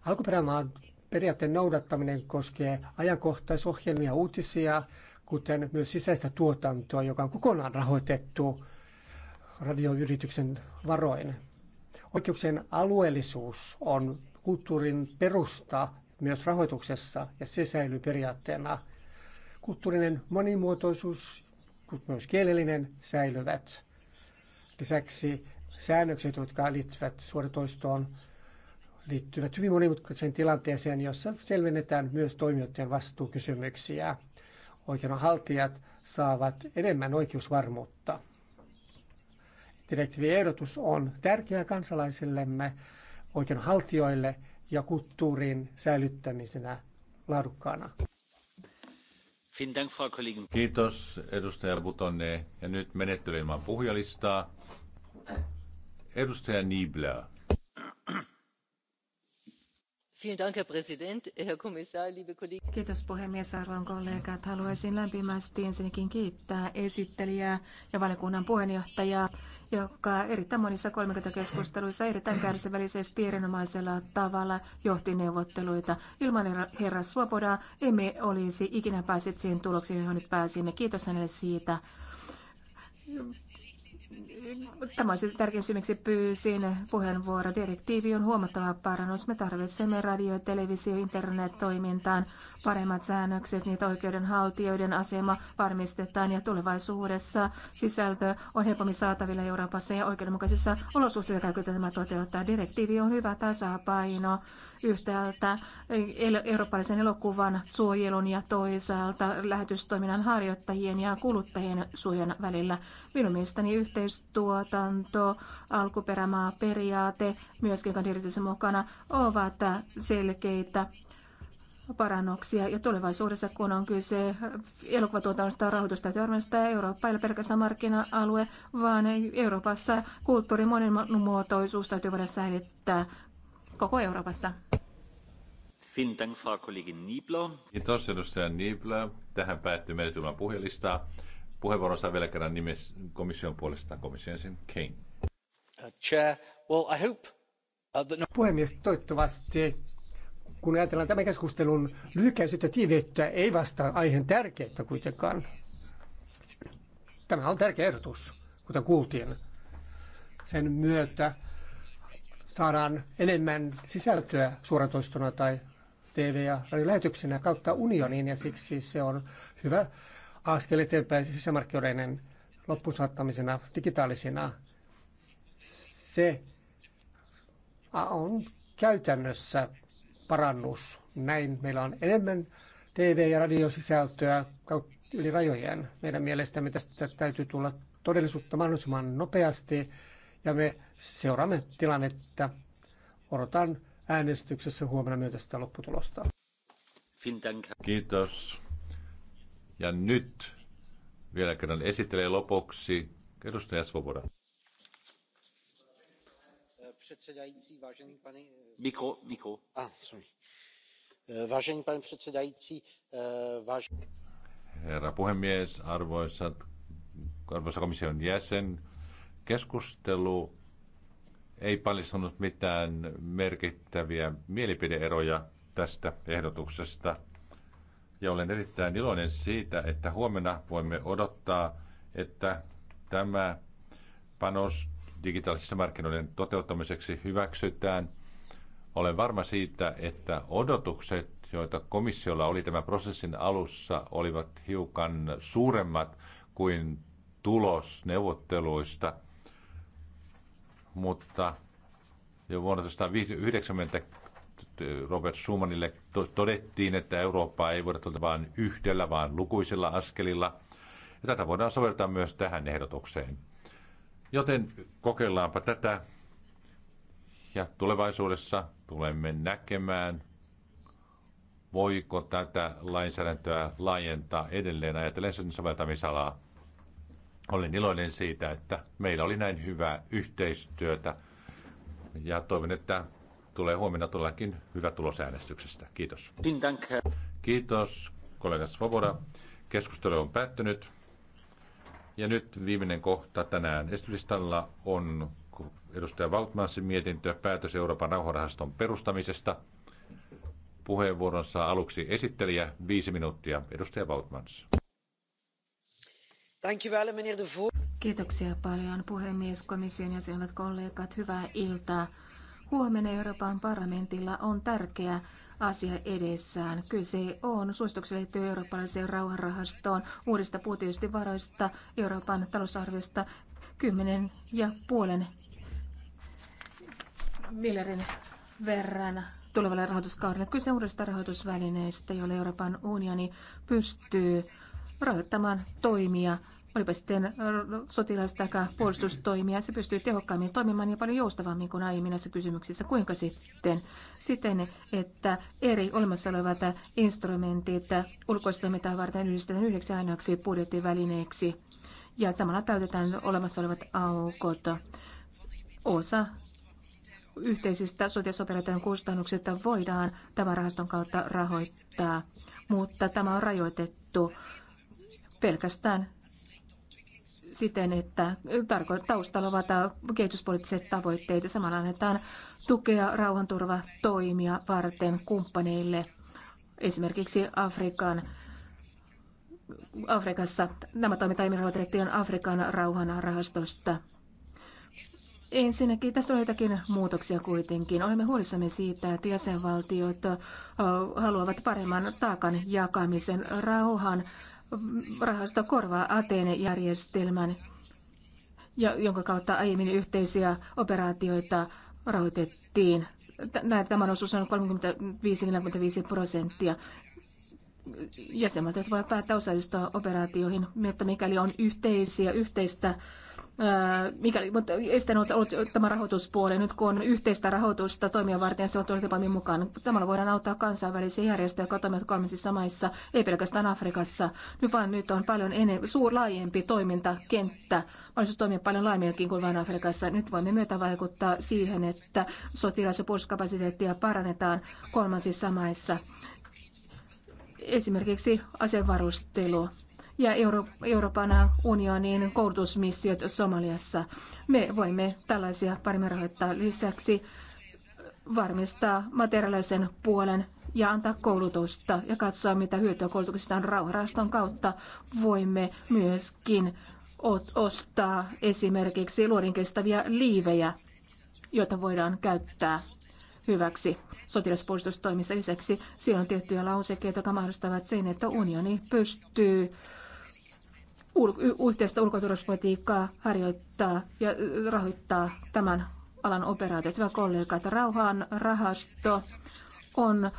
Alkuperämaan periaatteen noudattaminen koskee ajankohtaisohjelmia, uutisia, kuten myös sisäistä tuotantoa, joka on kokonaan rahoitettu radioyrityksen varoin. Oikeuksien alueellisuus on kulttuurin perusta myös rahoituksessa ja se säilyy periaatteena – kulttuurinen monimuotoisuus, myös kielellinen, säilyvät. Lisäksi säännökset, jotka liittyvät suoratoistoon, liittyvät hyvin monimutkaiseen tilanteeseen, jossa selvennetään myös toimijoiden vastuukysymyksiä. Oikeudenhaltijat saavat enemmän oikeusvarmuutta. ehdotus on tärkeä kansalaisillemme, oikeudenhaltijoille ja kulttuurin säilyttämisenä laadukkaana. Kiitos edustaja Butonne. Ja nyt menettely ilman puhujalistaa. Edustaja Niblä. Kiitos puhemies, arvon kollegat. Haluaisin lämpimästi ensinnäkin kiittää esittelijää ja valiokunnan puheenjohtajaa, joka erittäin monissa 30-keskusteluissa erittäin kärsivällisesti erinomaisella tavalla johti neuvotteluita. Ilman herra Suopodaa emme olisi ikinä päässeet siihen tulokseen, johon nyt pääsimme. Kiitos hänelle siitä Tämä on siis tärkein syy, miksi pyysin puheenvuoro. Direktiivi on huomattava parannus. Me tarvitsemme radio, televisio, internet-toimintaan paremmat säännökset, niitä oikeudenhaltijoiden asema varmistetaan ja tulevaisuudessa sisältö on helpommin saatavilla Euroopassa ja oikeudenmukaisissa olosuhteissa käytetään tämä toteuttaa. Direktiivi on hyvä tasapaino yhtäältä eurooppalaisen elokuvan suojelun ja toisaalta lähetystoiminnan harjoittajien ja kuluttajien suojan välillä. Minun mielestäni yhteistuotanto, alkuperämaa periaate, myöskin joka mukana, ovat selkeitä parannuksia. Ja tulevaisuudessa, kun on kyse elokuvatuotannosta rahoitusta törmästä, Eurooppa ei ole pelkästään markkina-alue, vaan Euroopassa kulttuurin monimuotoisuus täytyy voida säilyttää koko Euroopassa. Kiitos edustaja Niebler. Tähän päättyy menetelmän puhelistaa. Puheenvuoron saa vielä kerran nimes komission puolesta komission sen Kane. Uh, chair, well, I hope, uh, Puhemies, toivottavasti kun ajatellaan tämän keskustelun lyhykäisyyttä tiiveyttä, ei vastaa aiheen tärkeyttä kuitenkaan. Tämä on tärkeä ehdotus, kuten kuultiin. Sen myötä saadaan enemmän sisältöä suoratoistona tai TV- ja radiolähetyksenä kautta unioniin, ja siksi se on hyvä askel eteenpäin sisämarkkinoiden loppuun saattamisena digitaalisena. Se on käytännössä parannus. Näin meillä on enemmän TV- ja radiosisältöä yli rajojen. Meidän mielestämme tästä täytyy tulla todellisuutta mahdollisimman nopeasti ja me Seuraamme tilannetta. Odotan äänestyksessä huomenna myöntäistä lopputulosta. Kiitos. Ja nyt vielä kerran esittelee lopuksi edustaja Svoboda. Mikro, mikro. Ah, Vážený pane předsedající, eh, váž... Herra puhemies, arvoisat, arvoisa komission jäsen, keskustelu ei paljastunut mitään merkittäviä mielipideeroja tästä ehdotuksesta. Ja olen erittäin iloinen siitä, että huomenna voimme odottaa, että tämä panos digitaalisessa markkinoiden toteuttamiseksi hyväksytään. Olen varma siitä, että odotukset, joita komissiolla oli tämän prosessin alussa, olivat hiukan suuremmat kuin tulos neuvotteluista – mutta jo vuonna 1990 Robert Schumannille todettiin, että Eurooppaa ei voida tulla vain yhdellä, vaan lukuisilla askelilla. Ja tätä voidaan soveltaa myös tähän ehdotukseen. Joten kokeillaanpa tätä. Ja tulevaisuudessa tulemme näkemään, voiko tätä lainsäädäntöä laajentaa edelleen ajatellen sen soveltamisalaa. Olen iloinen siitä, että meillä oli näin hyvää yhteistyötä ja toivon, että tulee huomenna todellakin hyvä tulos äänestyksestä. Kiitos. Kiitos, kollega Svoboda. Keskustelu on päättynyt. Ja nyt viimeinen kohta tänään esitylistalla on edustaja Valtmansin mietintö päätös Euroopan rauhanrahaston perustamisesta. Puheenvuoronsa aluksi esittelijä, viisi minuuttia, edustaja Valtmans. Kiitoksia paljon puhemies, komission jäsenet, kollegat. Hyvää iltaa. Huomenna Euroopan parlamentilla on tärkeä asia edessään. Kyse on suosituksella liittyen eurooppalaiseen rauhanrahastoon, uudesta puutioista varoista, Euroopan talousarviosta kymmenen ja puolen miljardin verran tulevalle rahoituskaudelle. Kyse uudesta rahoitusvälineestä, jolle Euroopan unioni pystyy rahoittamaan toimia, olipa sitten sotilas- tai puolustustoimia. Se pystyy tehokkaammin toimimaan ja paljon joustavammin kuin aiemmin näissä kysymyksissä. Kuinka sitten? Siten, että eri olemassa olevat instrumentit ulkoistoimintaa varten yhdistetään yhdeksi ainoaksi budjettivälineeksi. Ja samalla täytetään olemassa olevat aukot. Osa yhteisistä sotilasoperaatioiden kustannuksista voidaan tämän rahaston kautta rahoittaa, mutta tämä on rajoitettu pelkästään siten, että taustalla ovat kehityspoliittiset tavoitteet ja samalla annetaan tukea rauhanturvatoimia varten kumppaneille, esimerkiksi Afrikan Afrikassa. Nämä toimintaemiraatettiin Afrikan rauhanrahastosta. Ensinnäkin tässä on joitakin muutoksia kuitenkin. Olemme huolissamme siitä, että jäsenvaltiot haluavat paremman taakan jakamisen rauhan rahasto korvaa Atene-järjestelmän, jonka kautta aiemmin yhteisiä operaatioita rahoitettiin. tämä tämän osuus on 35-45 prosenttia. Jäsenvaltiot voivat päättää osallistua operaatioihin, mutta mikäli on yhteisiä, yhteistä mikäli, mutta sitten on ollut tämä rahoituspuoli, nyt kun on yhteistä rahoitusta toimia varten, se on tullut mukaan. Samalla voidaan auttaa kansainvälisiä järjestöjä, jotka toimivat kolmessa maissa, ei pelkästään Afrikassa, nyt vaan nyt on paljon enemmän, suur laajempi toimintakenttä, mahdollisuus toimia paljon laajemminkin kuin vain Afrikassa. Nyt voimme myötä vaikuttaa siihen, että sotilas- ja puolustuskapasiteettia parannetaan kolmansissa maissa. Esimerkiksi asevarustelu ja Euro- Euroopan unionin koulutusmissiot Somaliassa. Me voimme tällaisia paremmin rahoittaa lisäksi varmistaa materiaalisen puolen ja antaa koulutusta ja katsoa, mitä hyötyä koulutuksista on rauhanraston kautta. Voimme myöskin ostaa esimerkiksi luodinkestäviä liivejä, joita voidaan käyttää hyväksi sotilaspuolustustoimissa. Lisäksi siellä on tiettyjä lausekkeita, jotka mahdollistavat sen, että unioni pystyy yhteistä ulkoturvallisuuspolitiikkaa harjoittaa ja rahoittaa tämän alan operaatiot. Hyvä kollega, että rauhan rahasto on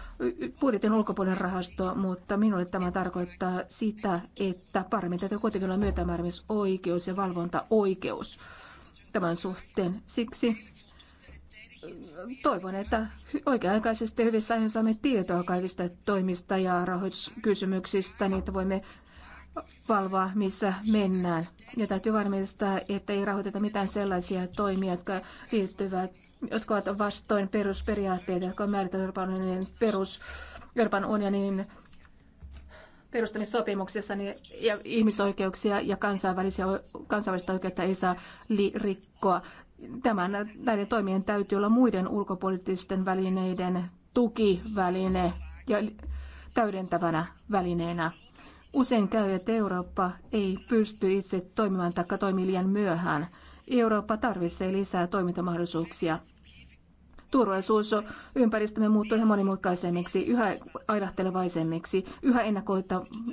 budjetin ulkopuolinen rahasto, mutta minulle tämä tarkoittaa sitä, että paremmin täytyy kuitenkin olla myötämääräämisoikeus ja valvontaoikeus tämän suhteen. Siksi toivon, että oikea-aikaisesti hyvissä ajoin saamme tietoa kaikista toimista ja rahoituskysymyksistä, niin että voimme valvoa, missä mennään. Ja täytyy varmistaa, että ei rahoiteta mitään sellaisia toimia, jotka liittyvät jotka ovat vastoin perusperiaatteita, jotka on määritelty Euroopan unionin, perus, Euroopan unionin perustamissopimuksessa niin, ja ihmisoikeuksia ja kansainvälisiä, kansainvälistä oikeutta ei saa li, rikkoa tämän, näiden toimien täytyy olla muiden ulkopoliittisten välineiden tukiväline ja täydentävänä välineenä. Usein käy, että Eurooppa ei pysty itse toimimaan tai toimii liian myöhään. Eurooppa tarvitsee lisää toimintamahdollisuuksia turvallisuus ympäristömme muuttuu yhä monimutkaisemmiksi, yhä aidahtelevaisemmiksi, yhä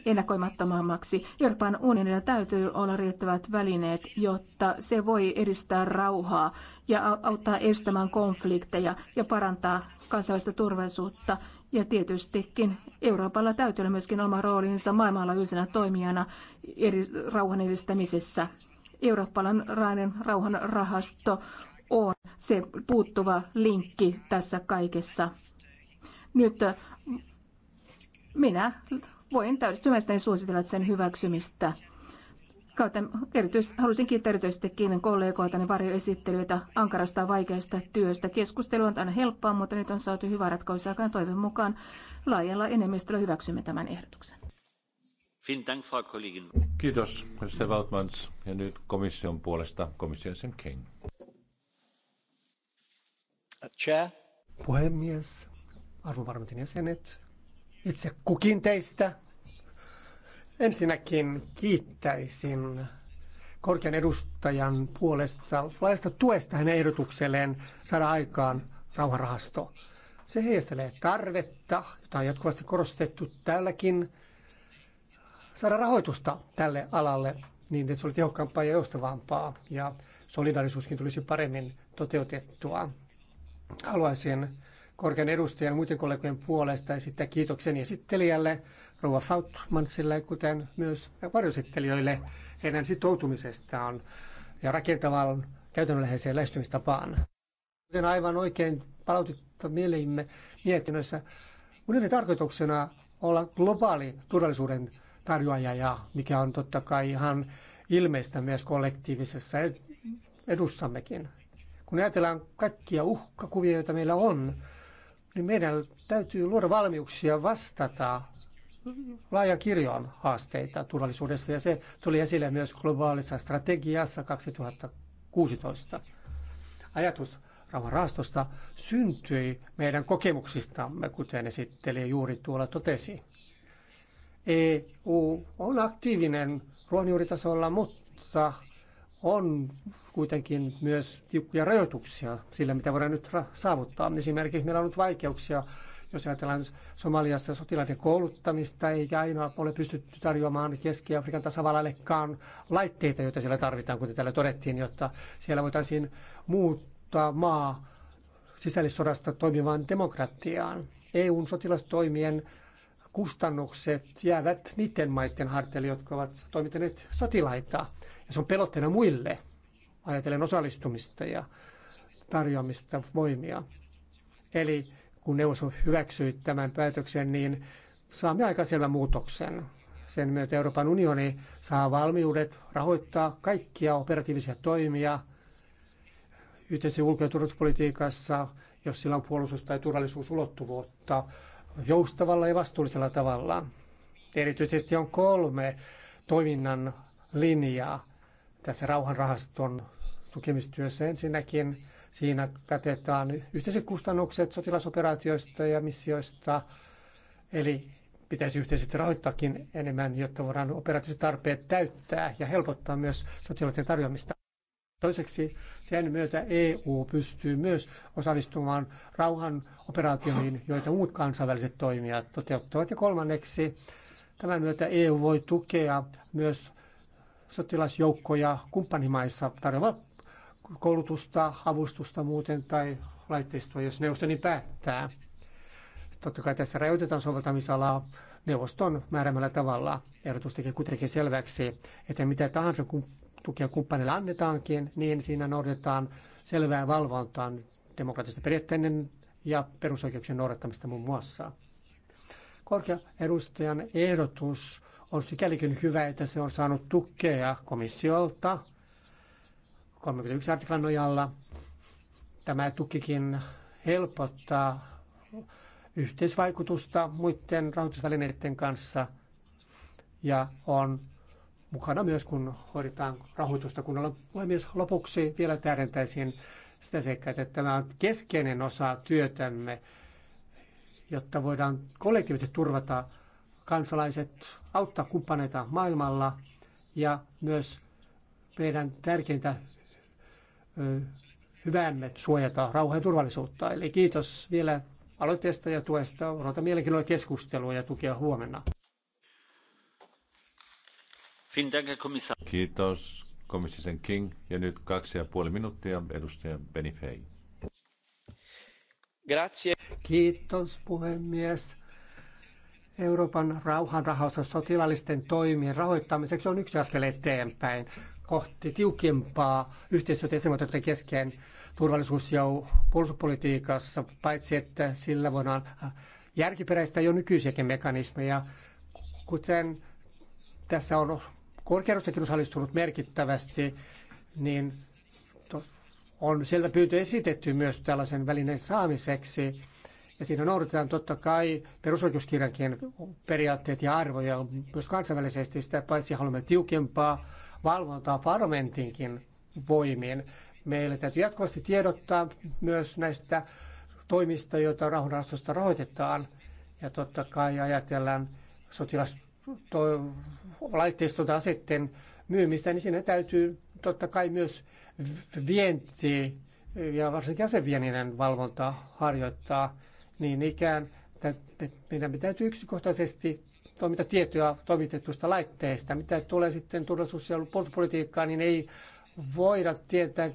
ennakoimattomammaksi. Euroopan unionilla täytyy olla riittävät välineet, jotta se voi edistää rauhaa ja auttaa estämään konflikteja ja parantaa kansainvälistä turvallisuutta. Ja tietystikin Euroopalla täytyy olla myöskin oma roolinsa maailmanlaajuisena toimijana eri rauhan edistämisessä eurooppalainen rauhanrahasto on se puuttuva linkki tässä kaikessa. Nyt äh, minä voin täydestymästäni suositella sen hyväksymistä. Kautta erityis, halusin kiittää erityisesti erityisestikin kollegoitani varjoesittelyitä ankarasta vaikeasta työstä. Keskustelu on aina helppoa, mutta nyt on saatu hyvä ratkaisu aikaan toivon mukaan. Laajalla enemmistöllä hyväksymme tämän ehdotuksen. Kiitos, Mr. Valtmans. Ja nyt komission puolesta komission sen King. Puhemies, arvoparlamentin jäsenet, itse kukin teistä. Ensinnäkin kiittäisin korkean edustajan puolesta laajasta tuesta hänen ehdotukselleen saada aikaan rauharahasto. Se heijastelee tarvetta, jota on jatkuvasti korostettu täälläkin, saada rahoitusta tälle alalle niin, että se oli tehokkaampaa ja joustavampaa ja solidaarisuuskin tulisi paremmin toteutettua. Haluaisin korkean edustajan ja muiden kollegojen puolesta esittää kiitoksen esittelijälle Rova Fautmansille, kuten myös varjoesittelijöille heidän sitoutumisestaan ja rakentavan käytännönläheiseen lähestymistapaan. Kuten aivan oikein palautetta mieleimme mietinnössä, unionin tarkoituksena olla globaali turvallisuuden tarjoaja, ja mikä on totta kai ihan ilmeistä myös kollektiivisessa edussammekin. Kun ajatellaan kaikkia uhkakuvia, joita meillä on, niin meidän täytyy luoda valmiuksia vastata laaja kirjon haasteita turvallisuudessa, ja se tuli esille myös globaalissa strategiassa 2016. Ajatus rauhanrahastosta syntyi meidän kokemuksistamme, kuten esittelijä juuri tuolla totesi. EU on aktiivinen ruohonjuuritasolla, mutta on kuitenkin myös tiukkuja rajoituksia sillä, mitä voidaan nyt saavuttaa. Esimerkiksi meillä on ollut vaikeuksia, jos ajatellaan Somaliassa sotilaiden kouluttamista, eikä ainoa ole pystytty tarjoamaan Keski-Afrikan tasavallallekaan laitteita, joita siellä tarvitaan, kuten täällä todettiin, jotta siellä voitaisiin muuttaa maa sisällissodasta toimivaan demokratiaan. EUn sotilastoimien kustannukset jäävät niiden maiden harteille, jotka ovat toimittaneet sotilaita. Ja se on pelotteena muille, ajatellen osallistumista ja tarjoamista voimia. Eli kun neuvosto hyväksyi tämän päätöksen, niin saamme aika selvän muutoksen. Sen myötä Euroopan unioni saa valmiudet rahoittaa kaikkia operatiivisia toimia yhteistyö ulko- ja turvallisuuspolitiikassa, jos sillä on puolustus- tai turvallisuusulottuvuutta, joustavalla ja vastuullisella tavalla. Erityisesti on kolme toiminnan linjaa tässä rauhanrahaston tukemistyössä ensinnäkin. Siinä katetaan yhteiset kustannukset sotilasoperaatioista ja missioista, eli pitäisi yhteisesti rahoittakin enemmän, jotta voidaan operatiiviset tarpeet täyttää ja helpottaa myös sotilaiden tarjoamista. Toiseksi sen myötä EU pystyy myös osallistumaan rauhan operaatioihin, joita muut kansainväliset toimijat toteuttavat. Ja kolmanneksi tämän myötä EU voi tukea myös sotilasjoukkoja kumppanimaissa tarjolla koulutusta, avustusta muuten tai laitteistoa, jos neuvosto niin päättää. Totta kai tässä rajoitetaan soveltamisalaa neuvoston määrämällä tavalla. Ehdotus tekee kuitenkin selväksi, että mitä tahansa tukea kumppanille annetaankin, niin siinä noudatetaan selvää valvontaa demokratista periaatteiden ja perusoikeuksien noudattamista muun muassa. Korkea edustajan ehdotus on sikälikin hyvä, että se on saanut tukea komissiolta 31 artiklan nojalla. Tämä tukikin helpottaa yhteisvaikutusta muiden rahoitusvälineiden kanssa ja on mukana myös, kun hoidetaan rahoitusta kunnolla. Puhemies, lopuksi vielä täydentäisin sitä seikkaa, että tämä on keskeinen osa työtämme, jotta voidaan kollektiivisesti turvata kansalaiset auttaa kumppaneita maailmalla ja myös meidän tärkeintä hyväämme suojata rauhaa ja turvallisuutta. Eli kiitos vielä aloitteesta ja tuesta. Odotan mielenkiintoista keskustelua ja tukea huomenna. Kiitos komissisen King. Ja nyt kaksi ja puoli minuuttia edustaja Benifei. Grazie. Kiitos puhemies. Euroopan rauhanrahasto sotilaallisten toimien rahoittamiseksi on yksi askel eteenpäin kohti tiukempaa yhteistyötä jäsenvaltioiden kesken turvallisuus- ja puolustuspolitiikassa, paitsi että sillä voidaan äh, järkiperäistä jo nykyisiäkin mekanismeja, kuten tässä on korkeudustakin osallistunut merkittävästi, niin on selvä pyyntö esitetty myös tällaisen välineen saamiseksi ja siinä noudatetaan totta kai perusoikeuskirjankin periaatteet ja arvoja. Myös kansainvälisesti sitä paitsi haluamme tiukempaa valvontaa parlamentinkin voimin. Meille täytyy jatkuvasti tiedottaa myös näistä toimista, joita rauhanrahastosta rahoitetaan. Ja totta kai ajatellaan sotilaslaitteiston asetten myymistä, niin siinä täytyy totta kai myös vienti ja varsinkin asevienninen valvonta harjoittaa. Niin ikään meidän pitää yksityiskohtaisesti toimita tietoja toimitetusta laitteesta. Mitä tulee sitten turvallisuus- ja puolustuspolitiikkaan, niin ei voida tietää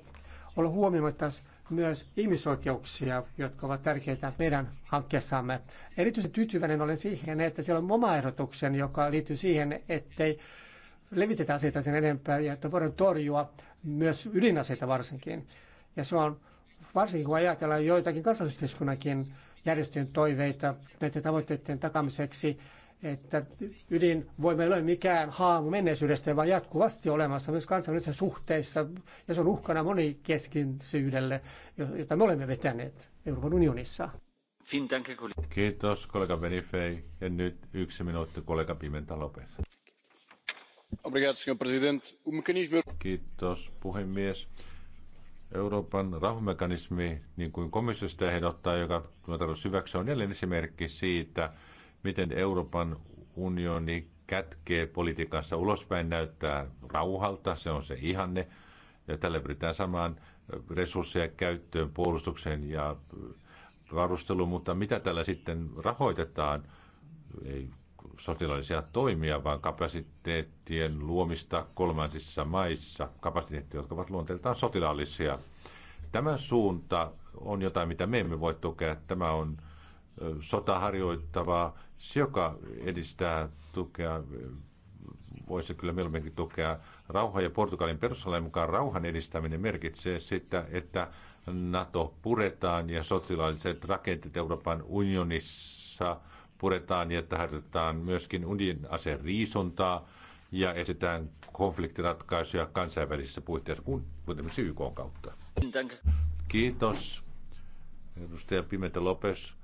olla huomioimatta myös ihmisoikeuksia, jotka ovat tärkeitä meidän hankkeessamme. Erityisen tyytyväinen olen siihen, että siellä on oma ehdotuksen, joka liittyy siihen, ettei levitetä aseita sen enempää ja että voidaan torjua myös ydinaseita varsinkin. Ja se on varsinkin kun ajatellaan joitakin kansallisyhteiskunnankin järjestöjen toiveita näiden tavoitteiden takamiseksi, että ydinvoima ei ole mikään haamu menneisyydestä, vaan jatkuvasti olemassa myös kansainvälisissä suhteissa, ja se on uhkana monikeskisyydelle, jota me olemme vetäneet Euroopan unionissa. Kiitos kollega Benifei. Ja nyt yksi minuutti kollega Pimenta Lopes. Kiitos puhemies. Euroopan rauhamekanismi, niin kuin komissiosta ehdottaa, joka tarkoitus hyväksyä, on jälleen esimerkki siitä, miten Euroopan unioni kätkee politiikassa ulospäin, näyttää rauhalta, se on se ihanne. Ja tällä pyritään samaan resursseja käyttöön, puolustukseen ja varusteluun, mutta mitä tällä sitten rahoitetaan, ei sotilaallisia toimia, vaan kapasiteettien luomista kolmansissa maissa, kapasiteettia, jotka ovat luonteeltaan sotilaallisia. Tämä suunta on jotain, mitä me emme voi tukea. Tämä on sotaharjoittavaa, se joka edistää tukea, voisi kyllä mieluummin tukea rauhaa ja Portugalin perustuslain mukaan rauhan edistäminen merkitsee sitä, että NATO puretaan ja sotilaalliset rakenteet Euroopan unionissa – puretaan ja että harjoitetaan myöskin ydinaseen riisuntaa ja esitetään konfliktiratkaisuja kansainvälisissä puitteissa, kuten esimerkiksi YK kautta. Kiitos. Edustaja Pimentä Lopes.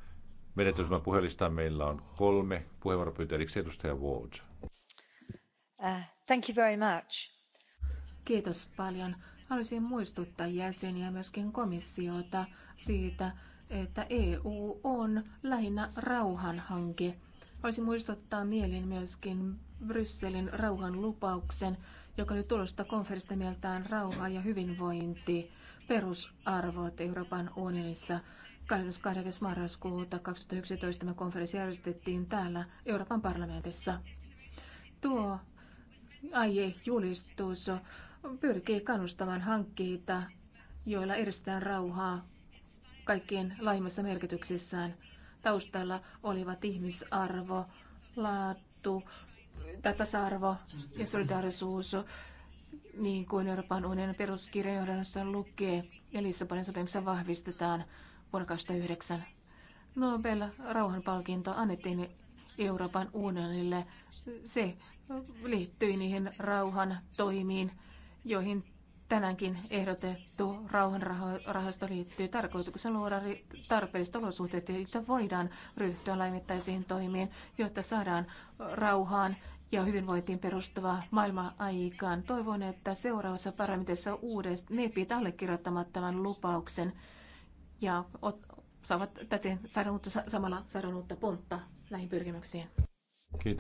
Menetysmän puhelista meillä on kolme puheenvuoropyyntöä, eli edustaja Ward. Uh, thank you very much. Kiitos paljon. Haluaisin muistuttaa jäseniä myöskin komissiota siitä, että EU on lähinnä rauhanhanke. Voisi muistuttaa mielin myöskin Brysselin rauhan lupauksen, joka oli tulosta konferista mieltään rauha ja hyvinvointi, perusarvot Euroopan unionissa. 22. marraskuuta 2011 tämä konferenssi järjestettiin täällä Euroopan parlamentissa. Tuo aiejulistus pyrkii kannustamaan hankkeita, joilla edistetään rauhaa, kaikkein laajimmassa merkityksissään. Taustalla olivat ihmisarvo, laatu, tasa-arvo ja solidaarisuus, niin kuin Euroopan unionin peruskirjanjohdannossa lukee ja Lissabonin sopimuksessa vahvistetaan vuonna 2009. Nobel rauhanpalkinto annettiin Euroopan unionille. Se liittyi niihin rauhan toimiin, joihin tänäänkin ehdotettu rauhanrahasto liittyy tarkoituksen luoda tarpeelliset olosuhteet, joita voidaan ryhtyä laimittaisiin toimiin, jotta saadaan rauhaan ja hyvinvointiin perustuva maailma aikaan. Toivon, että seuraavassa parlamentissa ne pitää allekirjoittamaan tämän lupauksen ja ot- saavat täten saada uutta, samalla saada uutta pontta näihin pyrkimyksiin. Kiitos.